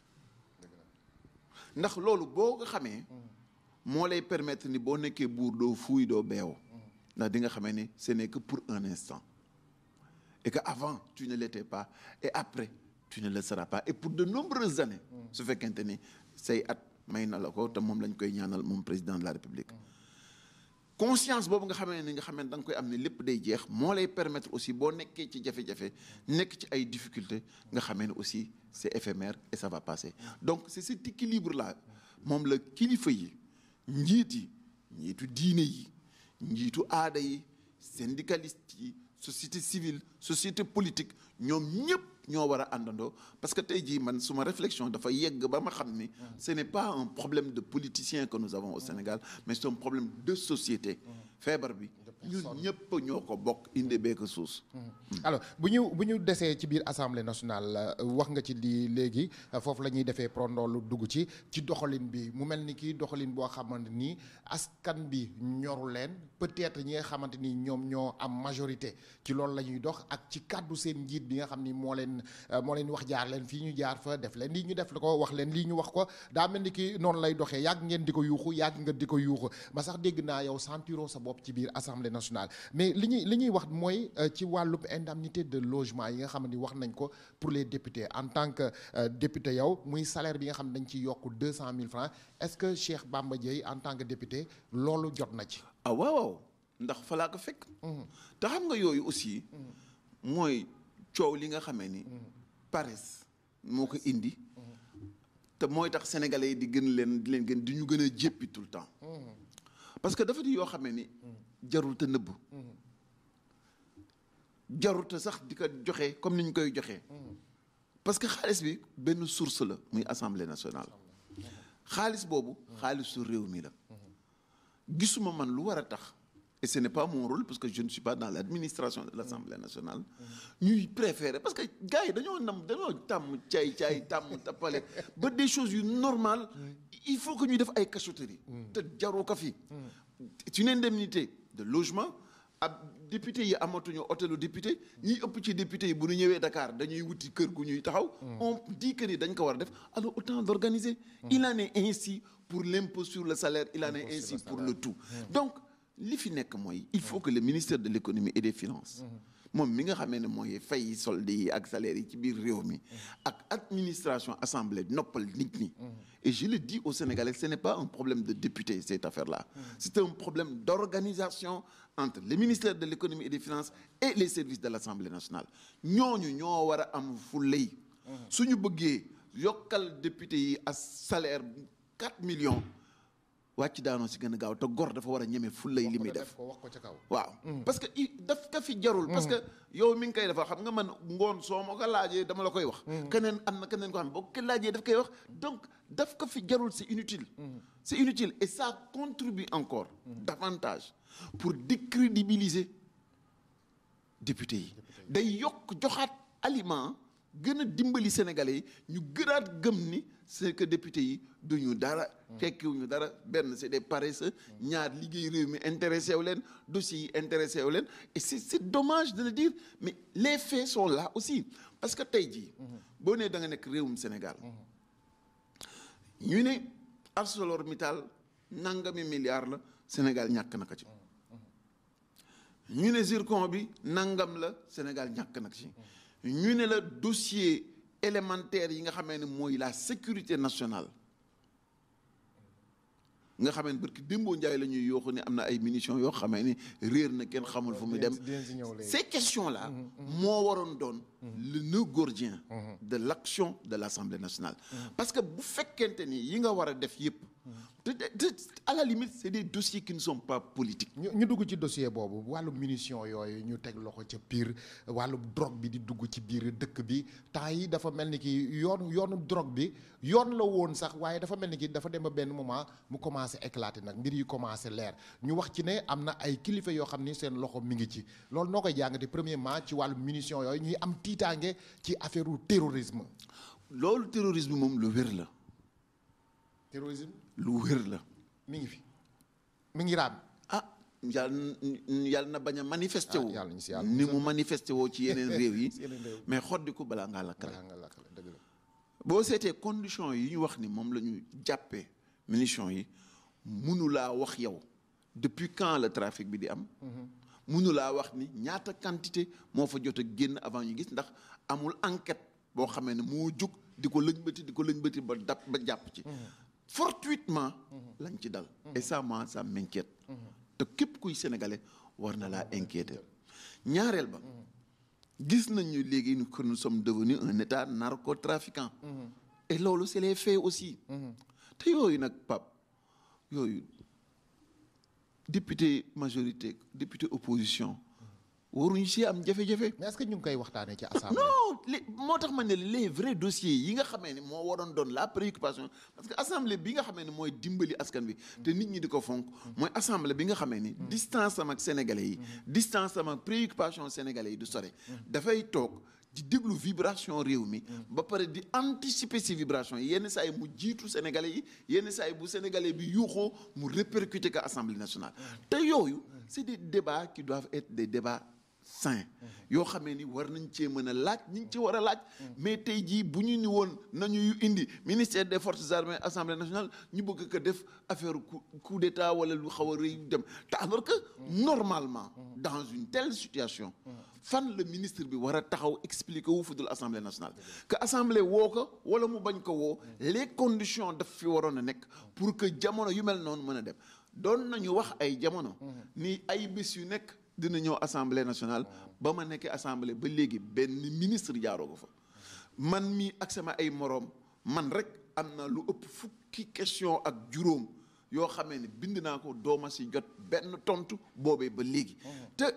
ndax loolu boo ko xamee moo lay permettre ni boo nekkee buur doo fuuy doo beew ndax di nga xamee ni ce n'est que pour un instant et que avant tu ne l'étais pas et après tu ne le seras pas pour de nombreuses années su fekkente ni say at may na la ko te moom lañ koy ñaanal moom président de la république conscience boobu nga xamee ni nga xamee da nga koy am ne lépp day jeex moo lay permettre aussi boo nekkee ci jafe-jafe nekk ci ay difficultés nga xamee ne aussi c'est éphémère et ça va passer donc c'est cet équilibre la moom la kilifa yi njiit yi njiitu diine yi njiitu aada yi syndicaliste yi société civile société politique ñoom ñëpp ñoo war a àndandoo parce que tey jii man suma réflexion dafa yegg ba ma xam ni ce n'est pas un problème de politicien que nous avons au Sénégal mais c'est un problème de société mm. feebar bi ñun ñëpp ñoo ko bokk inde beek suus. Mm-hmm. alors bu ñu bu ñu desee ci biir assemblée nationale euh, wax nga ci lii léegi euh, foofu la ñuy defee prondoolu dugg ci ci doxalin bi mu mel ni kii doxalin boo xamante ni askan bi ñoru leen peut-être ñi nga xamante ni ñoom ñoo am majorité ci loolu la ñuy dox ak ci kàddu seen njiit bi nga xam ni moo leen euh, moo leen wax jaar leen fii ñu jaar fa def leen lii ñu def la ko wax leen lii ñu wax ko daa mel ni ki noonu lay doxee yàgg ngeen di ko yuuxu yàgg nga di ko yuuxu ba sax dégg naa yow sentiroo sa bopp ci biir assemblée nationale mais li ñuy li ñuy wax mooy euh, ci wàllub indemnité de logement yi nga xam ni wax nañ ko pour les députés en tant que euh, député yow muy salaire bi nga xam ne dañ ci yokk deux cent mille francs est-ce que Cheikh Bamba Dièye en tant que député loolu jot na ci ah waaw ndax falaa ko fekk mhm. te xam nga yooyu aussi mhm. mooy coow li nga xamee ni mhm. paresse moo ko indi te mooy tax sénégalais yi di gën leen di leen gën di ñu gën a jéppi tout le temps parce que dafa di yoo xamee jarul te nëbbu mhm. jarul te sax di ko joxe comme ni ñu koy joxe. Mhm. parce que xaalis bi benn source la muy assemblée nationale. xaalis boobu. Mhm. xaalisu réew mi la. gisuma man lu war a tax. et ce n'est pas mon rôle parce que je ne suis pas dans l'administration de l'Assemblée nationale ñuy préférer parce que gars yi dañoo nam dañoo tàmm caay caay tàmm tappale ba des choses yu normales il faut que ñuy def ay cachotterie mm. te jaroo ko fi. c'est mm. une indemnité. de logement ab député yi amatuñu hôtelu député ñi ëpp ci député yi bu ñu ñëwee Dakar dañuy wuti kër gu ñuy taxaw. Hmm. on dit que ni dañ ko war a def alors autant d'organiser. Hmm. il en est ainsi pour l'impôt sur le salaire il en est ainsi pour le tout. Hmm. donc li fi nekk mooy. il faut que le ministère de l'économie et des finances. moom mi nga xamee ne mooy fay solde yi ak salaire yi ci biir réew mi ak administration assemblée noppal nit ñi et je le dis aux Sénégalais ce n'est pas un problème de député cette affaire-là c'est un problème d'organisation entre le ministère de l'économie et des finances et les services de l'Assemblée nationale ñooñu ñoo war a am fulay mm. suñu bëggee yokkal député yi ak salaire 4 millions wàcc daanoo si gën a gaaw te gor dafa war a ñeme fu lay li muy def wax ko ca kaw waaw mm. parce que daf ka fi jarul parce que mm. yow mi ngi koy defal xam nga man ngoon soo ma ka laajee dama la koy wax mm. keneen am na keneen ko xam ne boo ko laajee daf koy wax donc daf ka fi jarul c'est inutile c'est inutile et ça contribue encore davantage pour décrédibiliser député yi day yokk joxaat aliment gën a dimbali sénégalais yi ñu gënaat gëm ni c'est que député yi duñu dara. tekkiwuñu dara benn c'est des paresseux. ñaar liggéey réew mi intéressé wu leen dossiers yi intéressé wu leen et c'est domage de le dire mais les faits sont la aussi parce que tey jii. boo nee danga nekk nekk réewum Sénégal. ñu ne ArcelorMittal mi milliard la Sénégal ñàkk na ñu ne zircon bi nangam la Sénégal ñàkk na ko ci. ñu ne la dossier. élémentaire yi nga xamee ne mooy la sécurité nationale nga xamee ne que démboo njaay la ñuy yooxu ne am na ay munitions yoo xamee ni réer na kenn xamul fu mu dem ces questions là mm-hmm, mm-hmm. moo waroon doon le nœud gordien de l'action de l'Assemblée nationale parce que bu fekkente ni yi nga war a def yëpp te te à c'est des dossiers qui ne sont pas politiques ñu dugg ci dossier boobu wàllu munition yooyu ñu teg loxo ca piir wàllu drogue bi di dugg ci biir dëkk bi temps yi dafa mel ni ki yoon yoonu drogue bi yoon la woon sax waaye dafa mel ni ki dafa dem ba benn moment mu commencé éclater nag mbir yi commencé leer ñu wax ci ne am na ay kilifa yoo xam ni seen loxo mi ngi ci loolu noo koy jàngate premièrement ci wàllu munition yooyu tiitaange ci affaire u terrorisme. loolu terrorisme moom lu wér la. terrorisme. lu wér la. mi ngi fi mi ngi raam. ah yàlla yàlla na bañ a manifesté ah, wu. ni mu manifesté woo ci yeneen réew yi. mais xoddi ko balaa ngaa lakkale. balaa ngaa lakkale la. boo seetee condition yi ñu wax ni moom la ñu jàppee munition yi mënu laa wax yow depuis quand la trafic bi di am. Mhm. mënu laa wax ni ñaata quantité moo fa jot a génn avant ñu gis ndax amul enquête boo xamee ne moo jug di ko lëñbëti di ko lëñbëti ba dab ba jàpp ci. Mhm. fortuitement. Mhm. lañ ci dal. Mhm. et ça moi ça m'inquiète. te képp kuy sénégalais war na laa inquiéter ñaareel ba. gis nañu léegi que nous sommes devenus un ko narcotrafiquant. et loolu c'est les faits aussi. te yooyu nag pap yooyu député majorité député opposition waruñu si am jafe-jafe. mais est-ce que ñu ngi koy waxtaanee ci assemblée. non li moo tax ma ne les vrais dossiers yi nga xamee ne moo waroon doon la préoccupation parce que assemblée bi nga xamee ne mooy dimbali askan wi te nit ñi di ko fonk. mooy assemblée bi nga xamee ni. distance am ak sénégalais yi. distance am ak préoccupation sénégalais yi du sore. Mm-hmm. dafay toog. di déglu vibration réew mi. Mm. ba pare di anticiper si vibration yi yenn saa mu jiitu sénégalais yi yenn saa bu sénégalais bi yuuxoo mu répercuter ko assemblée nationale. Mm. te yooyu mm. c'est des débats qui doivent être des débats. sain yoo xamee ni war nañ cee mën a laaj ñu ci war a laaj mais tey jii bu ñu ni woon nañu indi ministère des forces armées assemblée nationale ñu bëgg ko def affaire coup d'état wala lu xaw a rëy dem te alors que normalement dans une telle situation fan la ministre bi war a taxaw expliquer wu fudul assemblée nationale que assemblée woo ko wala mu bañ ko woo les condition daf fi waroon a nekk pour que jamono yu mel noonu mën a dem doon nañu wax ay jamono ni dina ñëw assemblée nationale ba ma nekkee assemblée ba léegi benn ministre jaaroo ko fa man mii ak sama ay moroom man rek am na lu ëpp fukki question ak juróom yoo xamee ne bind naa ko dooma si jot benn tontu boobee ba léegi te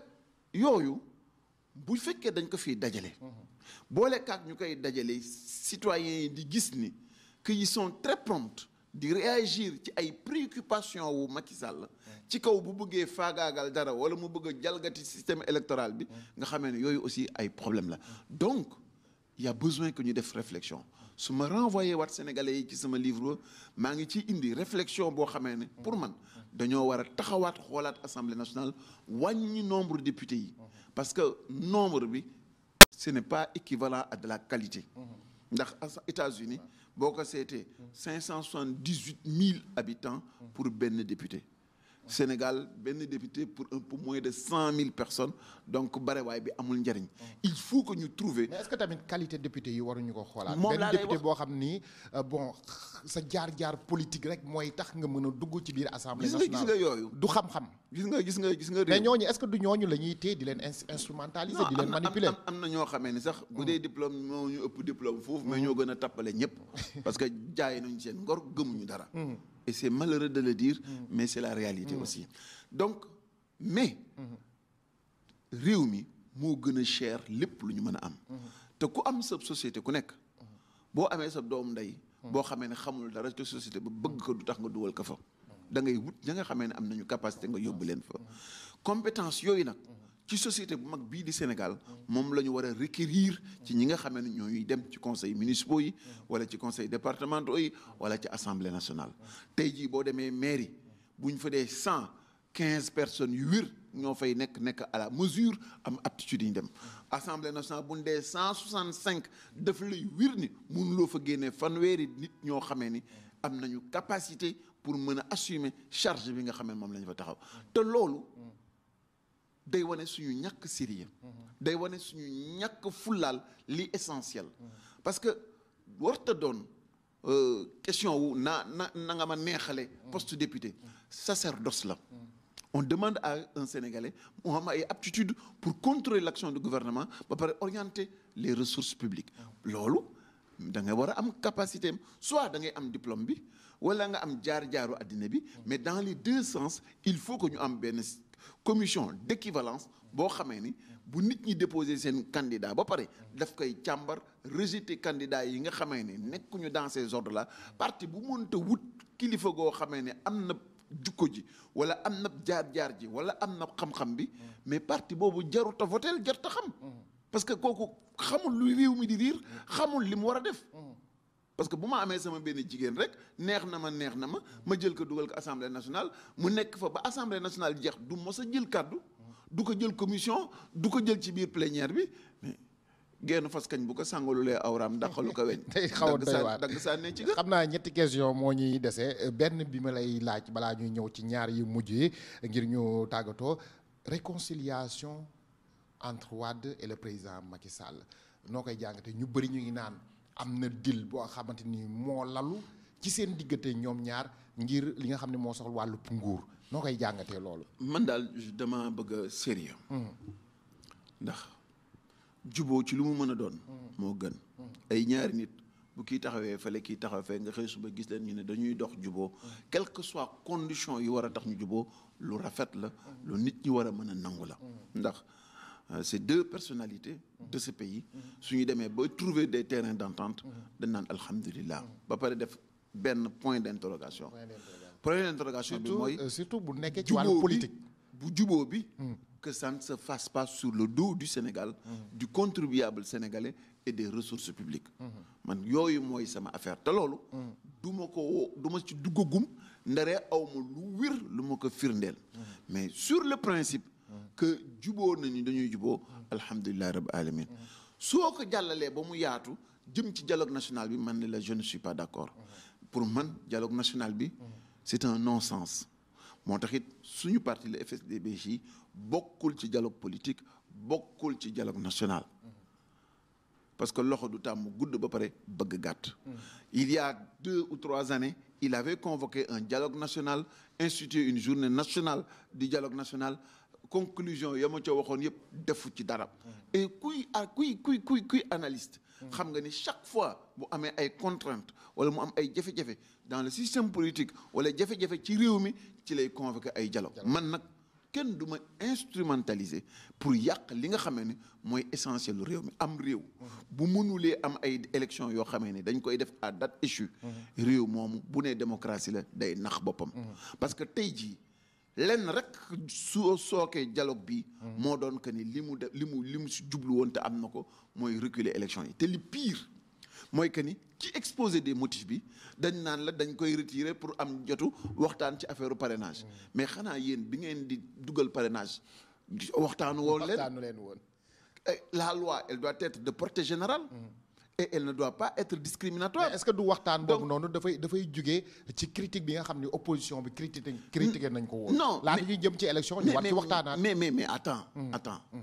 yooyu bu fekkee dañ ko fi dajale boole kaak ñu koy dajale citoyens yi di gis ni que ils sont très prompts di réagir ci ay préoccupations wu Macky Sall la ci kaw bu bëggee faagaagal dara wala mu bëgg a jalgati système électoral bi nga xamee ne yooyu aussi ay problème la donc il y a besoin que ñu def réflexion su ma renvoyé wat sénégalais yi ci sama livre maa ngi ci indi réflexion boo xamee ne pour man dañoo war a taxawaat xoolaat assemblée nationale wàññi nombre députés yi parce que nombre bi ce n'est pas équivalent à de la qualité ndax États-Unis boo ko seetee cinq cent soixante-dix-huit mille habitants pour benn député Sénégal benn député pour un peu moins de cent mille personnes donc barewaay bi amul njariñ mm. il faut que ñu trouver. est que tamit qualité député yi waruñu ko xoolaat. moom benn député boo xam ni euh, bon sa jaar-jaar politique rek mooy tax nga mën a dugg ci biir assemblée nationale. gis nga gis nga yooyu. du xam-xam. gis nga gis nga gis nga. mais ñooñu est que du ñooñu la ñuy téye di leen instrumentaliser. di leen manipuler non am na ñoo xamee ni sax. bu mm. dee diplôme moo ñu ëpp diplôme foofu. mais mm. ñoo gën a tappale ñëpp. parce que jaay nañu seen ngor gëmuñu dara. et c'est malheureux de le dire mm. mais c'est la réalité mm. aussi donc mais mm-hmm. réew mi moo gën a cher lépp lu ñu mën a am mm-hmm. te ku am sa société ku nekk mm-hmm. boo amee sa doom ndey boo xamee ne xamul dara te société ba bëgg ko du tax nga duwal ko fa da ngay wut ña nga xamee ne am nañu capacité nga yóbbu leen fa compétence yooyu nag ci société bu mag bii di Sénégal moom la ñu war a requérir ci ñi nga xam ne ñooy dem ci conseil municipaux yi wala ci conseil départementaux yi wala ci assemblée nationale tey jii boo demee mairie bu ñu fa dee cent quinze personnes yu wér ñoo fay nekk nekk à la mesure am aptitude yi ñu dem assemblée nationale bu ñu dee cent soixante cinq daf lay wér ni mënuloo fa génnee fanweeri nit ñoo xamee ni am nañu capacité pour mën a assumer charge bi nga xam ne moom la ñu fa taxaw day wane suñu ñàkk sérieux mm-hmm. day wane suñu ñàkk fullaal li essentiel mm-hmm. parce que warta doon euh, question wu naa na na nga ma neexale mm-hmm. poste député sacerdoce la on demande à un sénégalais mu am ay aptitude pour contrôler l'action du gouvernement ba pare orienter les ressources publiques loolu da nga war a am capacité soit da ngay am diplôme bi wala nga am jaar-jaaru àddina bi mais dans les deux sens il faut que ñu am benn commission d'équivalence boo xamee ni bu nit ñi déposé seen candidat ba pare daf koy càmbar rejeté candidat yi nga xamee ni nekkuñu dans ces ordres là parti bu mënta wut kilifa goo xamee ne am na jukko ji wala am na jaar-jaar ji wala am na xam-xam bi mais parti boobu jarut a voté xam mm. parce que kooku xamul lu réew mi di riir xamul li mu war a def mm. parce que bu ma amee sama benn jigéen rek neex na ma neex na ma ma jël ko dugal ko assemblée nationale mu nekk fa ba assemblée nationale jeex du mos a jël kàddu du ko jël commission du ko jël ci biir plénière bi mais genn fas kañ bu ko sangalulee awraam daqalu ko weñ. tey xaw a doy waar dagg sànnee ci xam naa ñetti question moo ñuy dese benn bi ma lay laaj balaa ñuy ñëw ci ñaar yu mujj yi ngir ñu tàggatoo réconciliation entre Wade et le président Macky Sall noo koy jàngatee ñu bëri ñu ngi naan. am na dil boo xamante ni moo lalu ci seen diggante ñoom ñaar ngir li nga xam ne moo soxla wàllu nguur noo koy jàngatee loolu. man daal dama bëgg a sérieux hmm. ndax juboo ci lu mu mën a doon. Hmm. moo gën. Hmm. ay ñaari nit bu kiy taxawee fële kii taxaw fee nga xëy suba gis leen ñu ne dañuy dox juboo quelles que soient conditions yi war a tax ñu juboo lu rafet la. lu nit ñi war a mën a nangu la ndax. Euh, ces deux personnalités de ce pays su ñu demee ba trouver des terrains d'entente dañ naan alhamdulilah ba pare def benn point d'interrogation point d'interrogation bi ah, mooy euh, surtout bu nekkee ci wàllu politique bu juboo bi hmm. que ça ne se fasse pas sur le dos du Sénégal hmm. du contribuable sénégalais et des ressources publiques hmm. man yooyu mooy sama affaire te loolu du ma ko woo du ma ci duggagum ndaree aw ma lu wir lu ma ko firndeel mais sur le principe que juboo nañu dañuy juboo alhamdulilah rabbi alamin soo ko jàllalee ba mu yaatu jëm ci dialogue national bi man ne la je ne suis pas d'accord pour man dialogue national bi c'est un non-sens moo tax it suñu parti le FSD/BJ bokkul ci dialogue politique bokkul ci dialogue national parce que loxo du tàmm gudd ba pare bëgg gàtt il y a deux ou trois années il avait convoqué un dialogue national institué une journée nationale du dialogue national conclusion ya ma ca waxoon yëpp defu ci dara. et kuy ah, kuy kuy kuy kuy analyste. xam nga ni chaque fois bu amee ay contraintes wala mu am ay jafe-jafe dans le système politique wala jafe-jafe ci réew mi ci lay convoquer ay dialogue man nag kenn du ma instrumentaliser pour yàq li nga xamee ne mooy essentiel lu réew mi am réew. bu mënulee am ay élection yoo xamee ne dañ koy def à date échue. Mmh. réew moomu bu nee démocratie la day nax boppam. Mmh. parce que tey jii. lenn rek soo sookee dialogue bi moo doon que ni li mu def li mu li mu si jublu woon te am na ko mooy reculer élection yi te li pire mooy que ni ci exposé des motifs bi dañ naan la dañ koy retirer pour am jotu waxtaan ci affaire parrainage mais xanaa yéen bi ngeen di dugal parrainage waxtaanu woon leen waxtaanu leen woon eh, la loi elle doit être de portée général mm. et elle ne doit pas être discriminatoire. est-ce que du waxtaan boobu noonu dafay dafay jugee ci critique bi nga xam ne opposition bi critiqué critiqué nañ ko woon. non laata ñuy jëm ci élection. ñu war ci waxtaanaat mais mais mais attends. Hmm. attends hmm.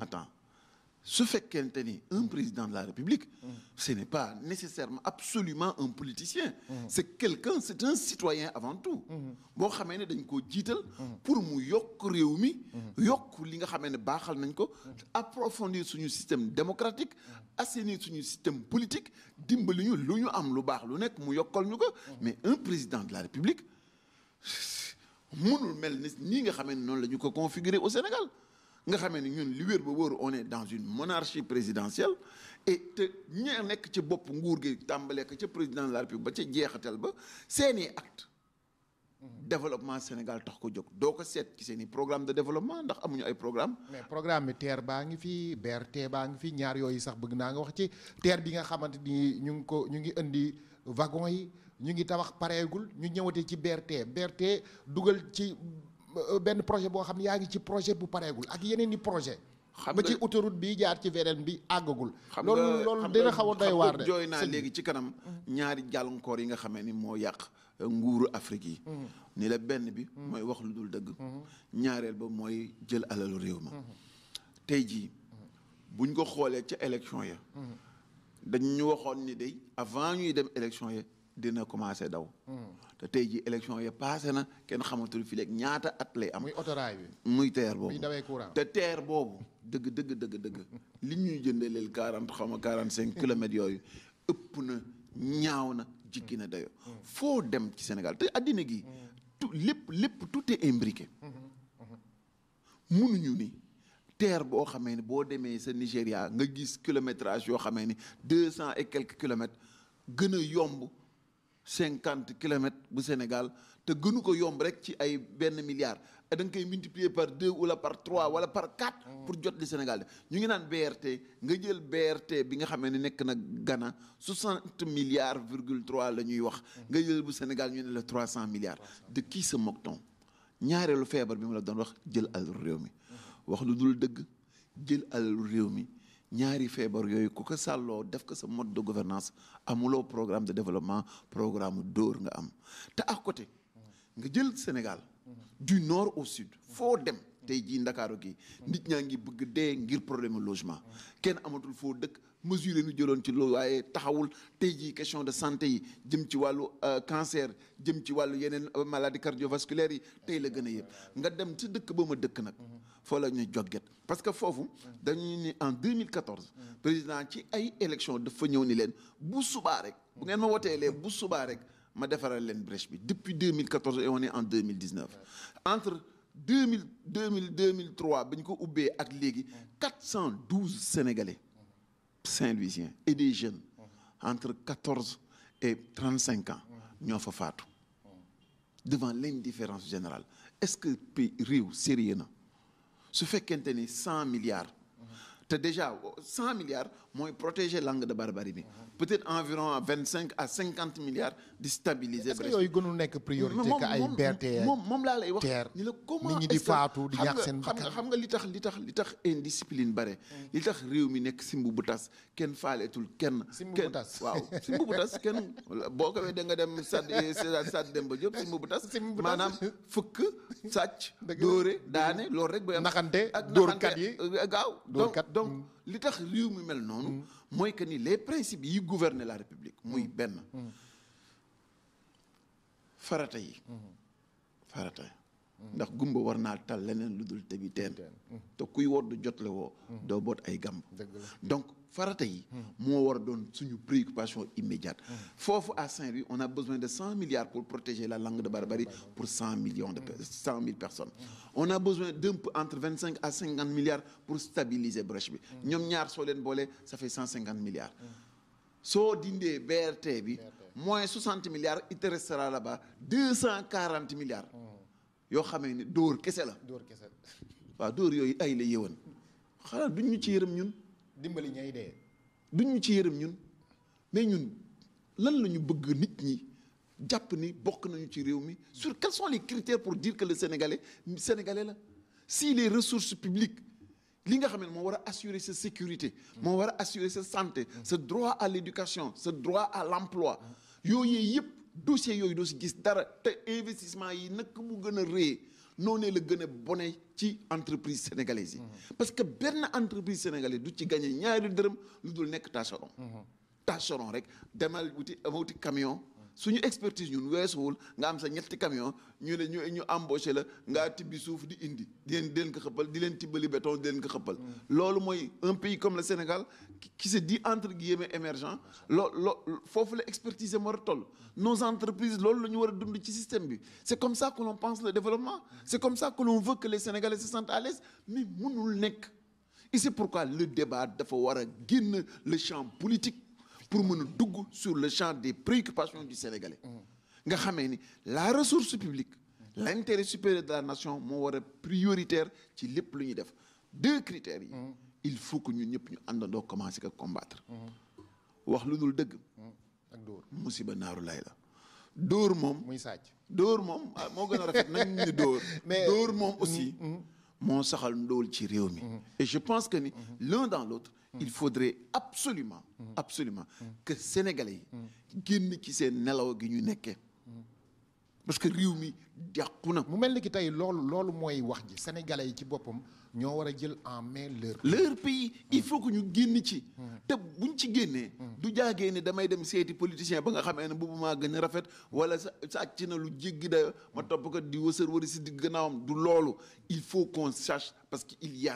su fekkente ni un président de la République ce n'est pas nécessairement absolument un politicien c'est quelqu'un c'est un citoyen avant tout boo xamee ne dañ koo jiital pour mu yokk réew mi yokk li nga xamee ne baaxal nañ ko approfondir suñu système démocratique assainir suñu système politique dimbali ñu lu ñu am lu baax lu nekk mu yokkal ñu ko mais un président de la République mënul mel ni nii nga xamee ne noonu la ñu ko configurer au Sénégal nga xamee ni ñun li wér ba wóoru on est dans une monarchie présidentielle et te ña nekk ci bopp nguur gi tàmbalee ko ca président de la république ba ca jeexatal ba seeni acte développement Sénégal tax ko jóg doo ko seet ci seen i programme de développement ndax amuñu ay programme mais programme bi baa ngi fi BRT baa ngi fi ñaar yooyu sax bëgg naa nga wax ci TER bi nga xamante ni ñu ngi ko ñu ngi indi wagon yi ñu ngi tabax pareegul ñu ñëwatee ci BRT BRT dugal ci Euh, benn projet boo xam ne yaa ngi ci projet bu pareegul ak yeneen i projet ba ci autoroute bi jaar ci VDN bi àggagul. xam nga loolu xaw a doy waar de. jooy naa léegi ci kanam. ñaari jàllankoor yi nga xamee ni moo yàq euh, nguuru Afrique yi. Mm-hmm. ni la benn bi. Mm-hmm. mooy wax lu dul dëgg. Mm-hmm. ñaareel ba mooy jël alalu réew ma. tey jii buñ ko xoolee ca élection ya. dañ ñu waxoon ni day avant ñuy dem élection ya dina commencé daw. te tey ji élection yi passé na kenn xamatul fii léegi ñaata at lay am. muy autorail bi muy teer boobu. muy dawee te teer boobu dëgg dëgg dëgg dëgg. li ñuy jëndaleel quarante xaw ma quarante cinq kilomètres yooyu ëpp na ñaaw na jikki na dayoo. Mm. foo dem ci Sénégal te addina gi. Mm. tout lépp lépp tout est imbriqué. Mm-hmm. Mm-hmm. munuñu ni. teer boo xamee ni boo demee sa Nigéria nga gis kilométrage yoo xamee ni deux cent et quelques kilomètres gën a yomb. cinquante kilomètres bu Sénégal te gënu ko yomb rek ci ay benn milliard da nga koy multiplier par deux wala par trois wala par quatre. pour jot li Sénégal ñu ngi naan BRT nga jël berte bi nga xamee ne nekk na Ghana soixante milliards virgule trois la ñuy wax. nga jël bu Sénégal ñu ne la trois cent milliards. de qui sa mocton ñaareelu feebar bi mu la doon wax jël alalu réew mi. wax lu dul dëgg jël alalu réew mi. ñaari feebar yooyu ko ko sàlloo def ko sa mode de gouvernance amuloo programme de développement programme dóor nga am te à côté nga jël Sénégal du nord au sud foo dem tey jii ndakaaru gi nit ñaa ngi bëgg dee ngir problème logement kenn amatul foo dëkk mesure yi ñu jëloon ci loolu waaye taxawul tey jii question de santé yi jëm ci wàllu euh, cancer jëm ci wàllu yeneen euh, maladie cardiovasculaire yi tey la gën a yëpp nga dem ci dëkk ba ma dëkk nag mm-hmm. foo la ñuy jogget parce que foofu dañu ni en 2014 mm-hmm. président ci ay élection fa ñëw ni leen bu subaa rek bu ngeen ma wotee leen bu subaa rek ma defaral leen brèche bi depuis 2014 et on est en 2019 entre 2000 2000 2003 ba ñu ko ubbee ak léegi 412 sénégalais Saint-Louisiens et des jeunes entre 14 et cinq ans ñoo fa faatu devant l'indifférence général est-ce que pays réew sérieux na su fekkente ni cent milliards te déjà cent milliards mooy protéger langue de barbarie bi peut-être environ vingt cinq à cinquante milliards di stabiliser. est-ce que yooyu gënul nekk priorité que ay BRT moom moom laa lay wax ni la comment nit ñi di faatu di ñàkk seen bakkan xam nga li tax li tax li tax indiscipline bare. Mm. li tax réew mi nekk simbu bu tas kenn faaleetul kenn. simbu bu tas waaw simbu bu kenn boo ko weesoo da nga dem Sad eh, Sad Demba Diop simbu bu tas. simbu bu tas maanaam fëkk sàcc. dëgg dóore daane loolu rek. ba naxante ak dóorkat yi gaaw donc donc. Mm. li tax réew mi mel noonu mm. mooy que ni les principes yi gouverner la république mm. muy benn mm. farata yi mm-hmm. ndax gumba war naa tal leneen lu dul tebi teen mm. te kuy war du jotle woo mm. doo boot ay gàmb donc farata yi mm. moo war doon suñu préoccupation immédiate foofu à Saint-Louis on a besoin de cent milliards pour protéger la langue de Barbarie pour cent millions de cent personnes on a besoin d'un entre vingt cinq à cinquante milliards pour stabiliser brèche bi ñoom ñaar soo leen boolee ça fait cent cinquante milliards soo dindee BRT bi moins soixante milliards il te restera là-bas deux cent quarante yoo xamee ni dóor kese la. dóor kese waaw dóor yooyu ay la yéwén xanaa duñ ñu ci yërëm ñun. dimbali ñay dee. duñ ci yërëm ñun mais ñun lan la ñu bëgg nit ñi jàpp ni bokk nañu ci réew mi sur quels son les critères pour dire que le sénégalais sénégalais la si les ressources publiques. li nga xam ne moo war a assurer sa sécurité moo war a assurer sa santé sa droit à l'éducation sa droit à l'emploi yooyu yëpp dossier yooyu doo si gis dara te investissement yi nag mu gën a rëy noonee la gën a bone ci entreprise sénégalaise yi. Mm-hmm. parce que benn entreprise sénégalaise du ci gagné ñaari dërëm lu dul nekk tâcheron. Mm-hmm. tâcheron rek demal wuti wuti camion. suñu expertise ñun weesuwul nga am sa ñetti camion ñu ne ñu ñu embauché la ngaa tibbi suuf di indi di leen di xëppal di leen tibbali béton di leen ka xëppal. Mm-hmm. loolu mooy un pays comme le Sénégal qui se dit entre guillemets émergent loo loo foofu la expertise war a toll nos entreprises loolu la ñu war a dund ci système bi c'est comme ça que l'on pense le développement c'est comme ça que l'on veut que les Sénégalais se sentent à l'aise mais mënul nekk et c'est pourquoi le débat dafa war a génn le champ politique pour mën a dugg sur le champ des préoccupations du Sénégalais nga xamee ni la ressource publique l'intérêt supérieur de la nation moo war a prioritaire ci lépp lu ñuy def deux critères yi il faut que ñu ñëpp ñu àndandoo commencé ko combattre. wax lu dul dëgg. musiba naaru lay la. dóor moom muy sàcc. dóor moom ah, moo gën a rafet nañ ñu dóor. mais dóor moom aussi. Mm, mm, mm. moo saxal ndóol ci réew mi. Mm-hmm. et je pense que ni mm-hmm. l'un dans l'autre. Mm-hmm. il faudrait absolument. absolument que sénégalais yi. génn ci seen nelaw gi ñu nekkee. parce que réew mi jàqu na. mu mel ni ki tey loolu loolu mooy wax ji sénégalais yi ci boppam. ñoo war a jël en mais leur pays. leur pays il faut que ñu génn ci. te buñ ci génnee. du jaagee ni damay dem seeti politicien ba nga xamee ne boobu maa gën a rafet wala sa sàcc na lu jéggi dayo ma topp ko di wësër wëri si di gannaawam du loolu il faut qu'on sache parce que il y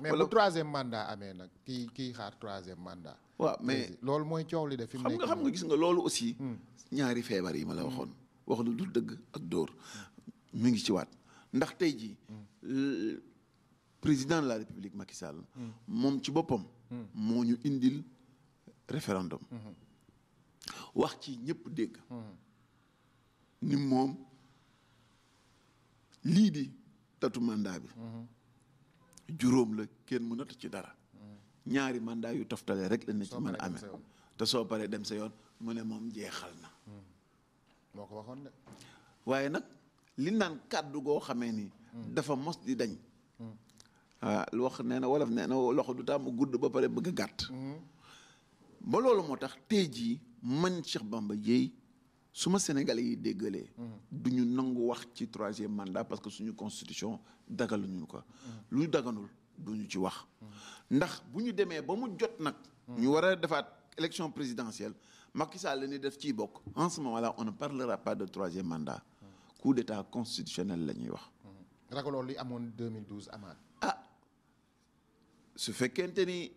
mais bu troisième mandat amee nag kii kii xaar troisième mandat. waaw mais loolu mooy coow li def fi mu xam nga xam nga gis nga loolu aussi. Hmm. ñaari feebar yi ma la waxoon. wax lu du dëgg ak dóor hmm. mu ngi ci waat ndax tey ji hmm. président la république Macky Sall. moom ci boppam. moo ñu indil référendum. wax ci ñépp dégg. ni moom lii di tatu mandat bi. juróom la kenn mënatu ci dara. ñaari mandat yu toftale rek la na ci mën a te soo paree dem sa yoon mu ne moom jeexal na. ko waxoon waaye nag li naan kàddu goo xamee ni. dafa mos di dañ. waaw lu wax nee na wolof nee na loxo du tàmm gudd ba pare bëgg a gàtt. Mm-hmm. loolu moo tax tey jii man Cheikh Bamba Dièye su ma sénégal yi déggalee. Mm-hmm. du ñu nangu wax ci troisième mandat parce que suñu constitution dagaluñu ko. Mm-hmm. lu daganul du ñu ci wax. ndax bu ñu demee ba mu jot nag. ñu war a defaat élection présidentielle Macky Sall la ni def ciy bokk en ce moment là on ne parlera pas de troisième mandat. coup d'état constitutionnel la ñuy wax. ragaloo li amoon 2012 amaat. su fekkente ni.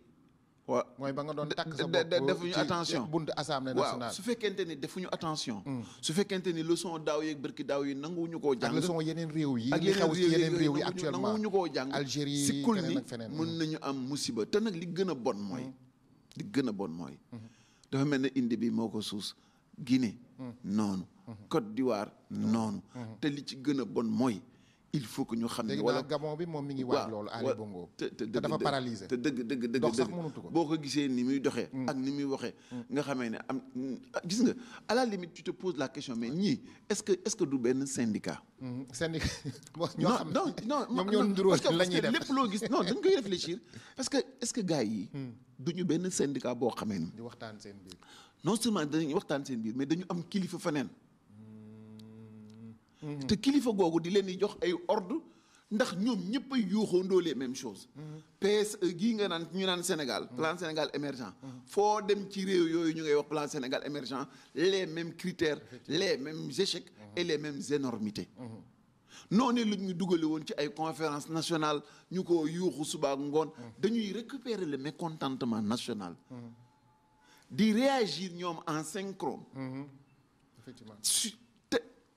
waaw mooy ba nga doon takk sa bopp defuñu attention buntu assemblée nationale waaw su fekkente ni defuñu attention. Mm. su fekkente ni leçon daaw yeeg bërki daaw yi nanguwuñu koo jàng. ak leçon yeneen réew yi li xew ci yeneen réew yi actuellement nanguwuñu koo jàng. Algérie sikkul ni mën mm. ñu am musiba te nag li gën a bon mooy. Mm. li gën a bon mooy. Mm-hmm. dafa mel ne indi bi moo ko suus Guinée. noonu. Mm-hmm. Côte d'Ivoire mm-hmm. noonu. te li ci gën a bon mooy. il faut que ñu xam ne wala Gabon bi moom mi ngi waaj loolu Ali Bongo te te dafa dëgg dëgg dëgg ko boo ko gisee ni muy doxee mm. ak ni muy waxee mm. nga xamee ne am ah, gis nga à la limite tu te poses la question mais ñii est-ce que est-ce que du benn syndicat mm, non non ñoom la ñuy def loo gis non dañ que est-ce que gars yi du ñu benn syndicat boo xamee ni di waxtaan seen biir non seulement dañuy waxtaan seen biir mais dañu am kilifa feneen te kilifa googu di leen di jox ay ordre ndax ñoom ñëpp a yuuxandoo les mêmes choses. PSE euh, gii nga naan ñu naan Sénégal. plan Sénégal émergent. foo dem ci réew yooyu ñu ngay wax plan Sénégal émergent les mêmes critères les mêmes échecs et les mêmes énormités noonu la ñu dugale woon ci ay conférence nationale ñu ko yuuxu suba ngoon dañuy récupérer le mécontentement national di réagir ñoom en synchrone mm-hmm. effectivement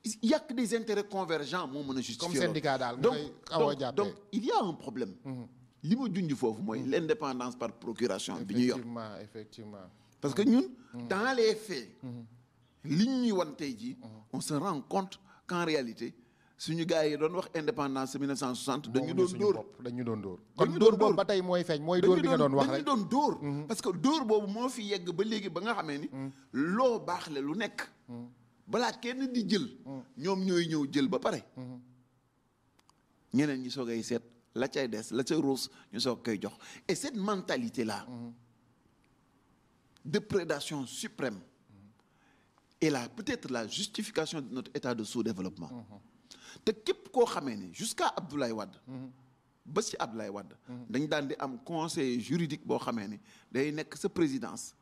yàq y a que des intérêts convergents moo mën a justifier comme daal donc donc donc il mm-hmm. li ma junj foofu mooy mm-hmm. l' indépendance par procuration bi ñu yor effectivement parce que ñun. Mm-hmm. dans les faits. li ñuy wan tey jii. on se rend compte qu'en réalité suñu gars yi doon wax indépendance 1960. dañu doon dóor dañu doon dóor. kon dóor boobu ba tey mooy feeñ mooy dóor bi nga doon wax rek doon dóor. parce que dóor boobu moo fi yegg ba léegi ba nga xamee ni. loo baax le lu nekk. balaa kenn di jël. ñoom ñooy ñëw jël ba pare. ñeneen ñi soogay set la cay des la ca ruus ñu soog koy jox et cette mentalité la de prédation suprême. et peut-être la justification de not état de sous-développement. te képp koo xamee ne jusqu'à Abdoulaye Wade. ba ci Abdoulaye Wade. dañ daan di am conseil juridique boo xamee ni day nekk sa présidence.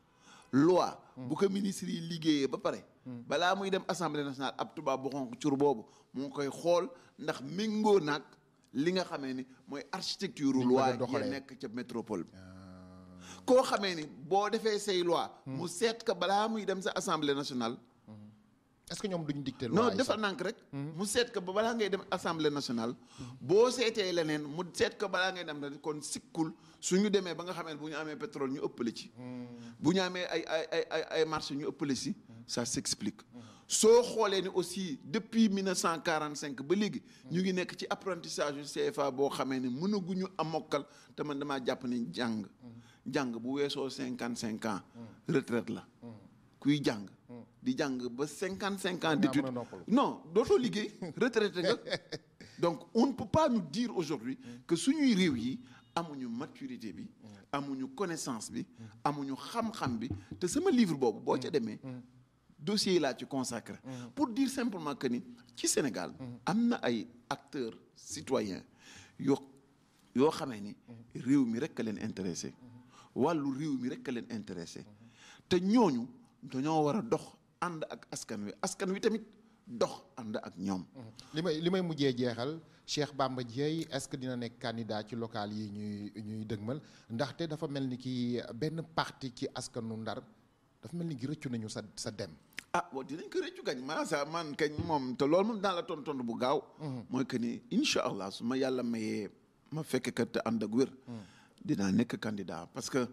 loi bu ko ministre yi liggéeyee ba pare balaa muy dem assemblée nationale ab tubaab bu xonq cur boobu mu koy xool ndax méngoo nag li nga xamee ni mooy architecture loi yi nekk ca métropole bi koo xamee ni boo defee say loi mu seet ka balaa muy dem sa assemblée nationale est que ñoom duñu dicté loi non defar nànk rek. Hmm? mu seet ka ba balaa ngay dem assemblée nationale. boo seetee leneen mu seet ko balaa ngay dem rek kon sikkul suñu demee ba nga xamee bu ñu amee pétrole ñu ëppale ci. Hmm. bu ñu amee ay ay ay ay marché ñu ëppale si. ça s'explique. soo xoolee ni aussi depuis cent quarante cinq ba léegi. Hmm. ñu ngi nekk ci apprentissage yu CFA boo xamee ne mënaguñu amokkal te man damaa jàpp ni jàng. jàng bu weesoo cinquante cinq ans. retraite la. kuy jàng. di jàng ba cinquante cinquante ans d'études non dootoo liggéey retraité nga donc on ne peut pas nous dire aujourd'hui mm. que suñuy réew yi amuñu maturité bi mm. amuñu connaissance bi amuñu xam-xam bi te sama livre boobu boo ca mm. demee dossier yi laa ci consacré pour dire simplement que ci Sénégal am na ay acteurs citoyens yoo yoo xamee ni réew mi rek leen intéressé wàllu réew mi rek leen intéressé te ñooñu dañoo war a dox ànd ak askan wi askan wi tamit dox ànd ak ñoom. Mm-hmm. li may li may mujjee jeexal Cheikh Bamba Dièye est-ce que dina nekk candidat ci local yi ñuy ñuy dëgmal ndaxte dafa mel ni kii benn paxti ci askanu Ndar dafa mel ni ki rëccu nañu sa sa dem. ah waaw dinañ ko rëccu kañ maa man kañ moom te loolu moom dinaa la tontu tontu bu gaaw. Mm-hmm. mooy que ni allah su ma yàlla mayee ma fekk kat te ànd ak wér. Mm-hmm. dinaa nekk candidat parce que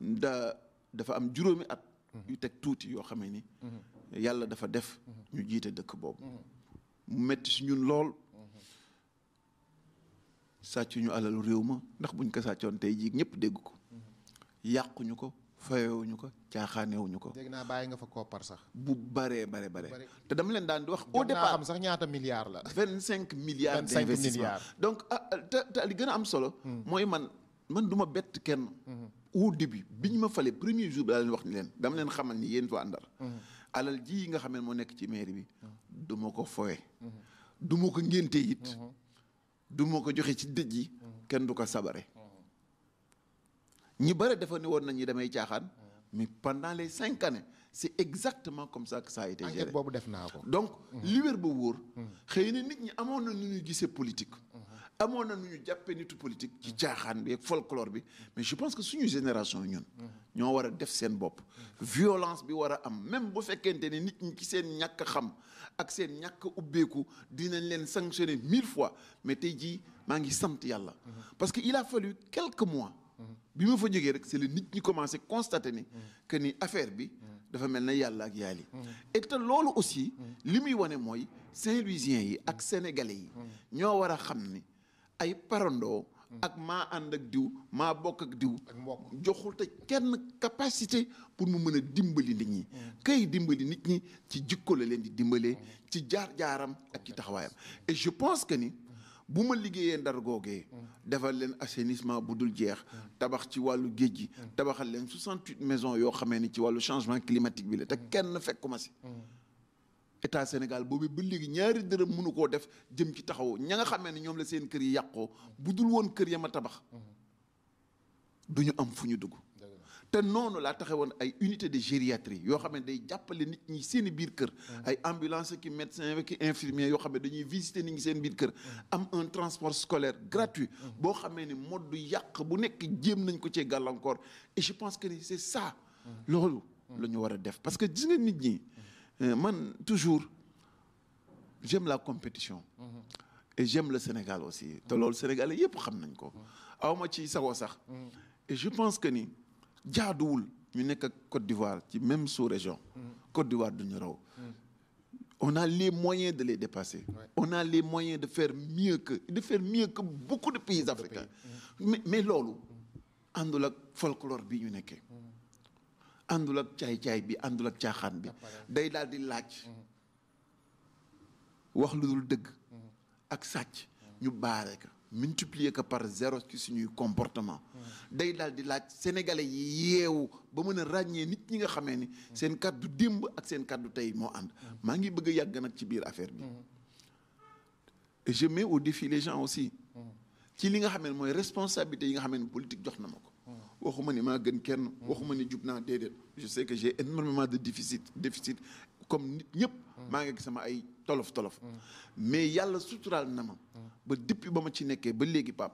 da dafa am juróomi at. yu teg tuuti yoo xam ne ni mhm. yàlla dafa def mhm. ñu jiite dëkk boobu mhm. mu metti si ñun lool sàccu ñu alalu réew ma ndax buñ ko sàccoon tey jii ñëpp dégg ko yàquñu ko fayewuñu ko caaxaanewuñu ko. dégg naa bàyyi nga fa koppar sax. bu baree bare bare te dama leen daan di wax. au départ am sax ñaata milliards la. vingt cinq milliards d'investissement donc ah, te te li gën a am solo. Hmm. mooy man man du bett kenn. Hmm. au début bi ñu ma falee premier jour bi daa wax ni leen dama leen xamal ni yéen waa Ndar mm-hmm. alal ji yi nga xam ne moo nekk ci mairie bi mm-hmm. du ma ko fowe mm-hmm. du ma ko ngénte it du ma ko joxe ci dëj yi kenn du ko sabare ñi bare dafa ne woon nañu damay caaxaan mais pendant les cinq années c'est exactement comme ça que ça a été géré boobu def naa ko donc li ba wóor xëy na nit ñi amoon na nu ñuy gisee politique amoon na nu ñu jàppee nitu politique ci caaxaan bi ak folklore bi mais je pense que suñu génération ñun. ñoo war a def seen bopp. violence bi war a am même bu fekkente ne nit ñi ci seen ñàkk xam ak seen ñàkk ubbeeku dinañ leen sanctionner mille fois mais tey jii maa ngi sant yàlla. parce que il a fallu mois. bi ma fa jógee rek c'est nit ñi commencé constater ni. que ni affaire bi. dafa mel na yàlla ak yàlli et loolu aussi. li muy wane mooy Saint-Louisiens yi ak sénégalais yi. ñoo war xam ni. ay parandoo ak maa ànd ak diw maa bokk ak diw joxul te kenn capacité pour mu mën a dimbali nit ñi mm. kay dimbali nit ñi ci jikko la leen di dimbalee mm. ci jaar-jaaram ak ci taxawaayam et je pense que ni bu ma liggéeyee ndar googee mm. defal leen assainissement bu dul jeex tabax ci wàllu géej gi tabaxal leen 68 maisons yoo xamee ni ci wàllu changement climatique bi la te kenn fekkuma si état Sénégal boobu ba léegi ñaari dërëm mënu koo def jëm ci taxawoo ña nga xamee ne ñoom la seen kër yi yàqoo bu dul woon kër ya ma tabax du ñu am fu ñu dugg te noonu laa taxe woon ay unité de gériatrie yoo xam ne day jàppale nit ñi seen biir kër ay ambulance ki médecin ki infirmier yoo xam ne dañuy visité nit ñi seen biir kër am un transport scolaire gratuit boo xamee ne modd yàq bu nekk jéem nañ ko cee gàllankoor et je pense que ni c'est ça loolu la ñu war a def parce que gis nit ñi Euh, man toujours j'aime la compétition. et j'aime le Sénégal aussi. te loolu sénégalais yëpp xam nañ ko. awma ci sago sax. et je pense que ni jaaduwul ñu nekk ak Côte d'Ivoire ci même sous-région. Côte d'Ivoire du ñu raw. on a les moyens de les dépasser. Ouais. on a les moyens de faire mieux que de faire mieux que beaucoup de pays africains. mais loolu àndul ak folklore bi ñu nekkee. àndul ak caay-caay bi àndul ak caaxaan bi day daal di laaj wax lu dul dëgg mm-hmm. ak sàcc ñu baare ka multiplier ko par zéro ci suñuy comportement mm-hmm. day daal di laaj sénégalais yi yeewu ba mën a ràññee nit ñi nga xamee ni mm-hmm. seen kàddu démb ak seen kàddu tey moo ànd maa ngi bëgg a yàgg nag ci biir affaire bi je mets au défi les gens aussi ci li nga xamee mooy responsabilité yi nga xamee ne politique jox na ma ko waxuma ni maa gën kenn waxuma ni jub naa déedéet je sais que j'ai énormément de déficit déficit comme nit ñëpp maa ngi sama ay tolof tolof mais yàlla suturaal na ma ba depuis ba ma ci nekkee ba léegi pap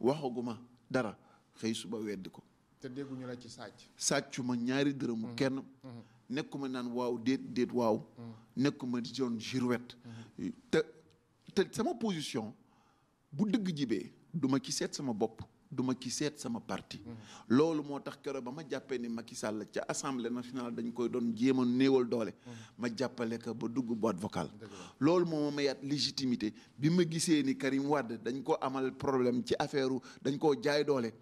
waxaguma dara xëy suba weddi ko te dégguñu la ci sàcc sàccu ma ñaari dërëmu mm. kenn mm. nekkuma naan waaw déet déet waaw mm. nekkuma di doon girouette te sama position bu dëgg jibee duma ci seet sama bopp du ma seet sama parti loolu moo tax keroog ba ma jàppee ni ma Macky Sall ca assemblée nationale dañ koy doon jéema néewal doole ma jàppale ko ba dugg boîte vocale loolu moom ma mayaat légitimité bi ma gisee ni Karim Wade dañ ko amal problème ci affaire dañ koo jaay doole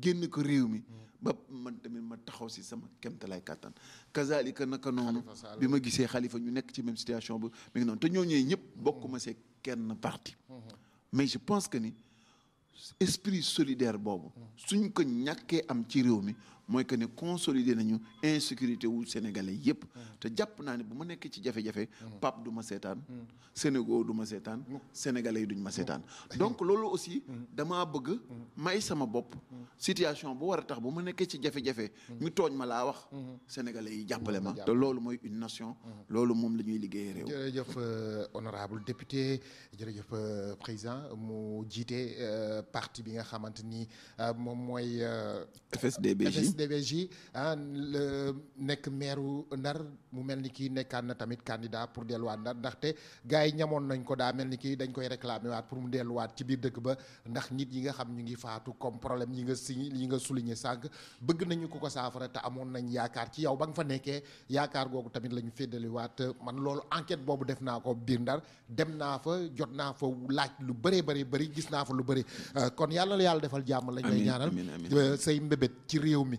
génn ko réew mi ba man tamit ma taxaw si sama kemtalaay kàttan kazalika naka noonu bi ma gisee xalifa ñu nekk ci même situation bi mi ngi noonu te ñoo ñëwee ñëpp bokkuma see kenn parti mais que ni esprit solidaire boobu suñ ko ñàkkee am ci réew mi mooy que ne consolider nañu insécurité wu sénégalais yëpp. te jàpp naa ne bu ma nekkee ci jafe-jafe. Pape du ma seetaan. Sénégal du ma seetaan. sénégalais yi duñ ma seetaan. donc loolu aussi. damaa bëgg. may sama bopp. situation bu war a tax bu ma nekkee ci jafe-jafe. ñu tooñ ma laa wax. sénégalais yi jàppale ma te loolu mooy une nation. loolu moom la ñuy liggéeyee réew. jërëjëf euh, honorable député jërëjëf euh, président mu jiite euh, parti bi nga xamante ni moom mooy. FSD/BJ. DBJ ah, nekk meeru Ndar mu mel ni kii nekkaan na tamit candidat pour delluwaat Ndar ndaxte gars yi ñamoon nañ ko daa mel ni kii dañ koy réclamer waat pour mu delluwaat ci biir dëkk ba ndax nit yi nga xam ñu ngi faatu comme problème yi nga signé yi nga souligné sànq bëgg nañu ko ko saafara te amoon nañ yaakaar ci yow ba nga fa nekkee yaakaar googu tamit la ñu féddaliwaat man loolu enquête boobu def naa ko biir Ndar dem naa fa jot naa fa laaj lu bëree bëri bëri gis naa fa lu bëri ah, kon yàlla la yàlla defal jàmm lañ lay euh, say mbébét ci réew mi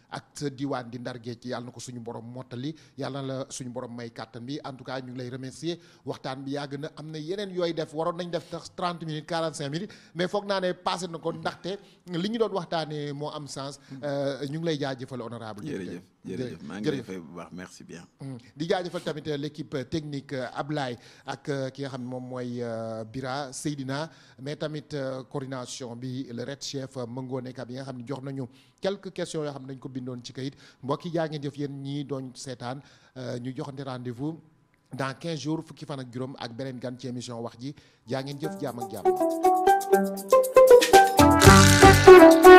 ak sa diwaan di Ndar Géej yàlla na ko suñu borom mottali yàlla na la suñu borom may kàttan bi en tout cas ñu ngi lay remercier waxtaan bi yàgg na am na yeneen yooyu def waroon nañu def tax 30 minutes 45 minutes mais foog naa ne passé na ko ndaxte li ñu doon waxtaanee moo am sens euh, ñu ngi lay jaajëfal honorable jërëjëf jërëjëf maa ngi lay fay bu baax merci hmm. di jaajëfal tamit euh, l'équipe euh, technique Ablaye ak ki nga xam ne moom mooy Bira Seydina mais tamit coordination bi le red chef Mangone Ka bi nga xam ne jox nañu quelques questions yoo xam ne dañ ko bind bindoon ci kayit mbokk yi jaa ngeen jëf yéen ñii doon seetaan euh, ñu joxante rendez-vous dans 15 jours fukki fan ak juróom ak beneen gan ci émission wax ji jaa ngeen jëf jàmm ak jàmm.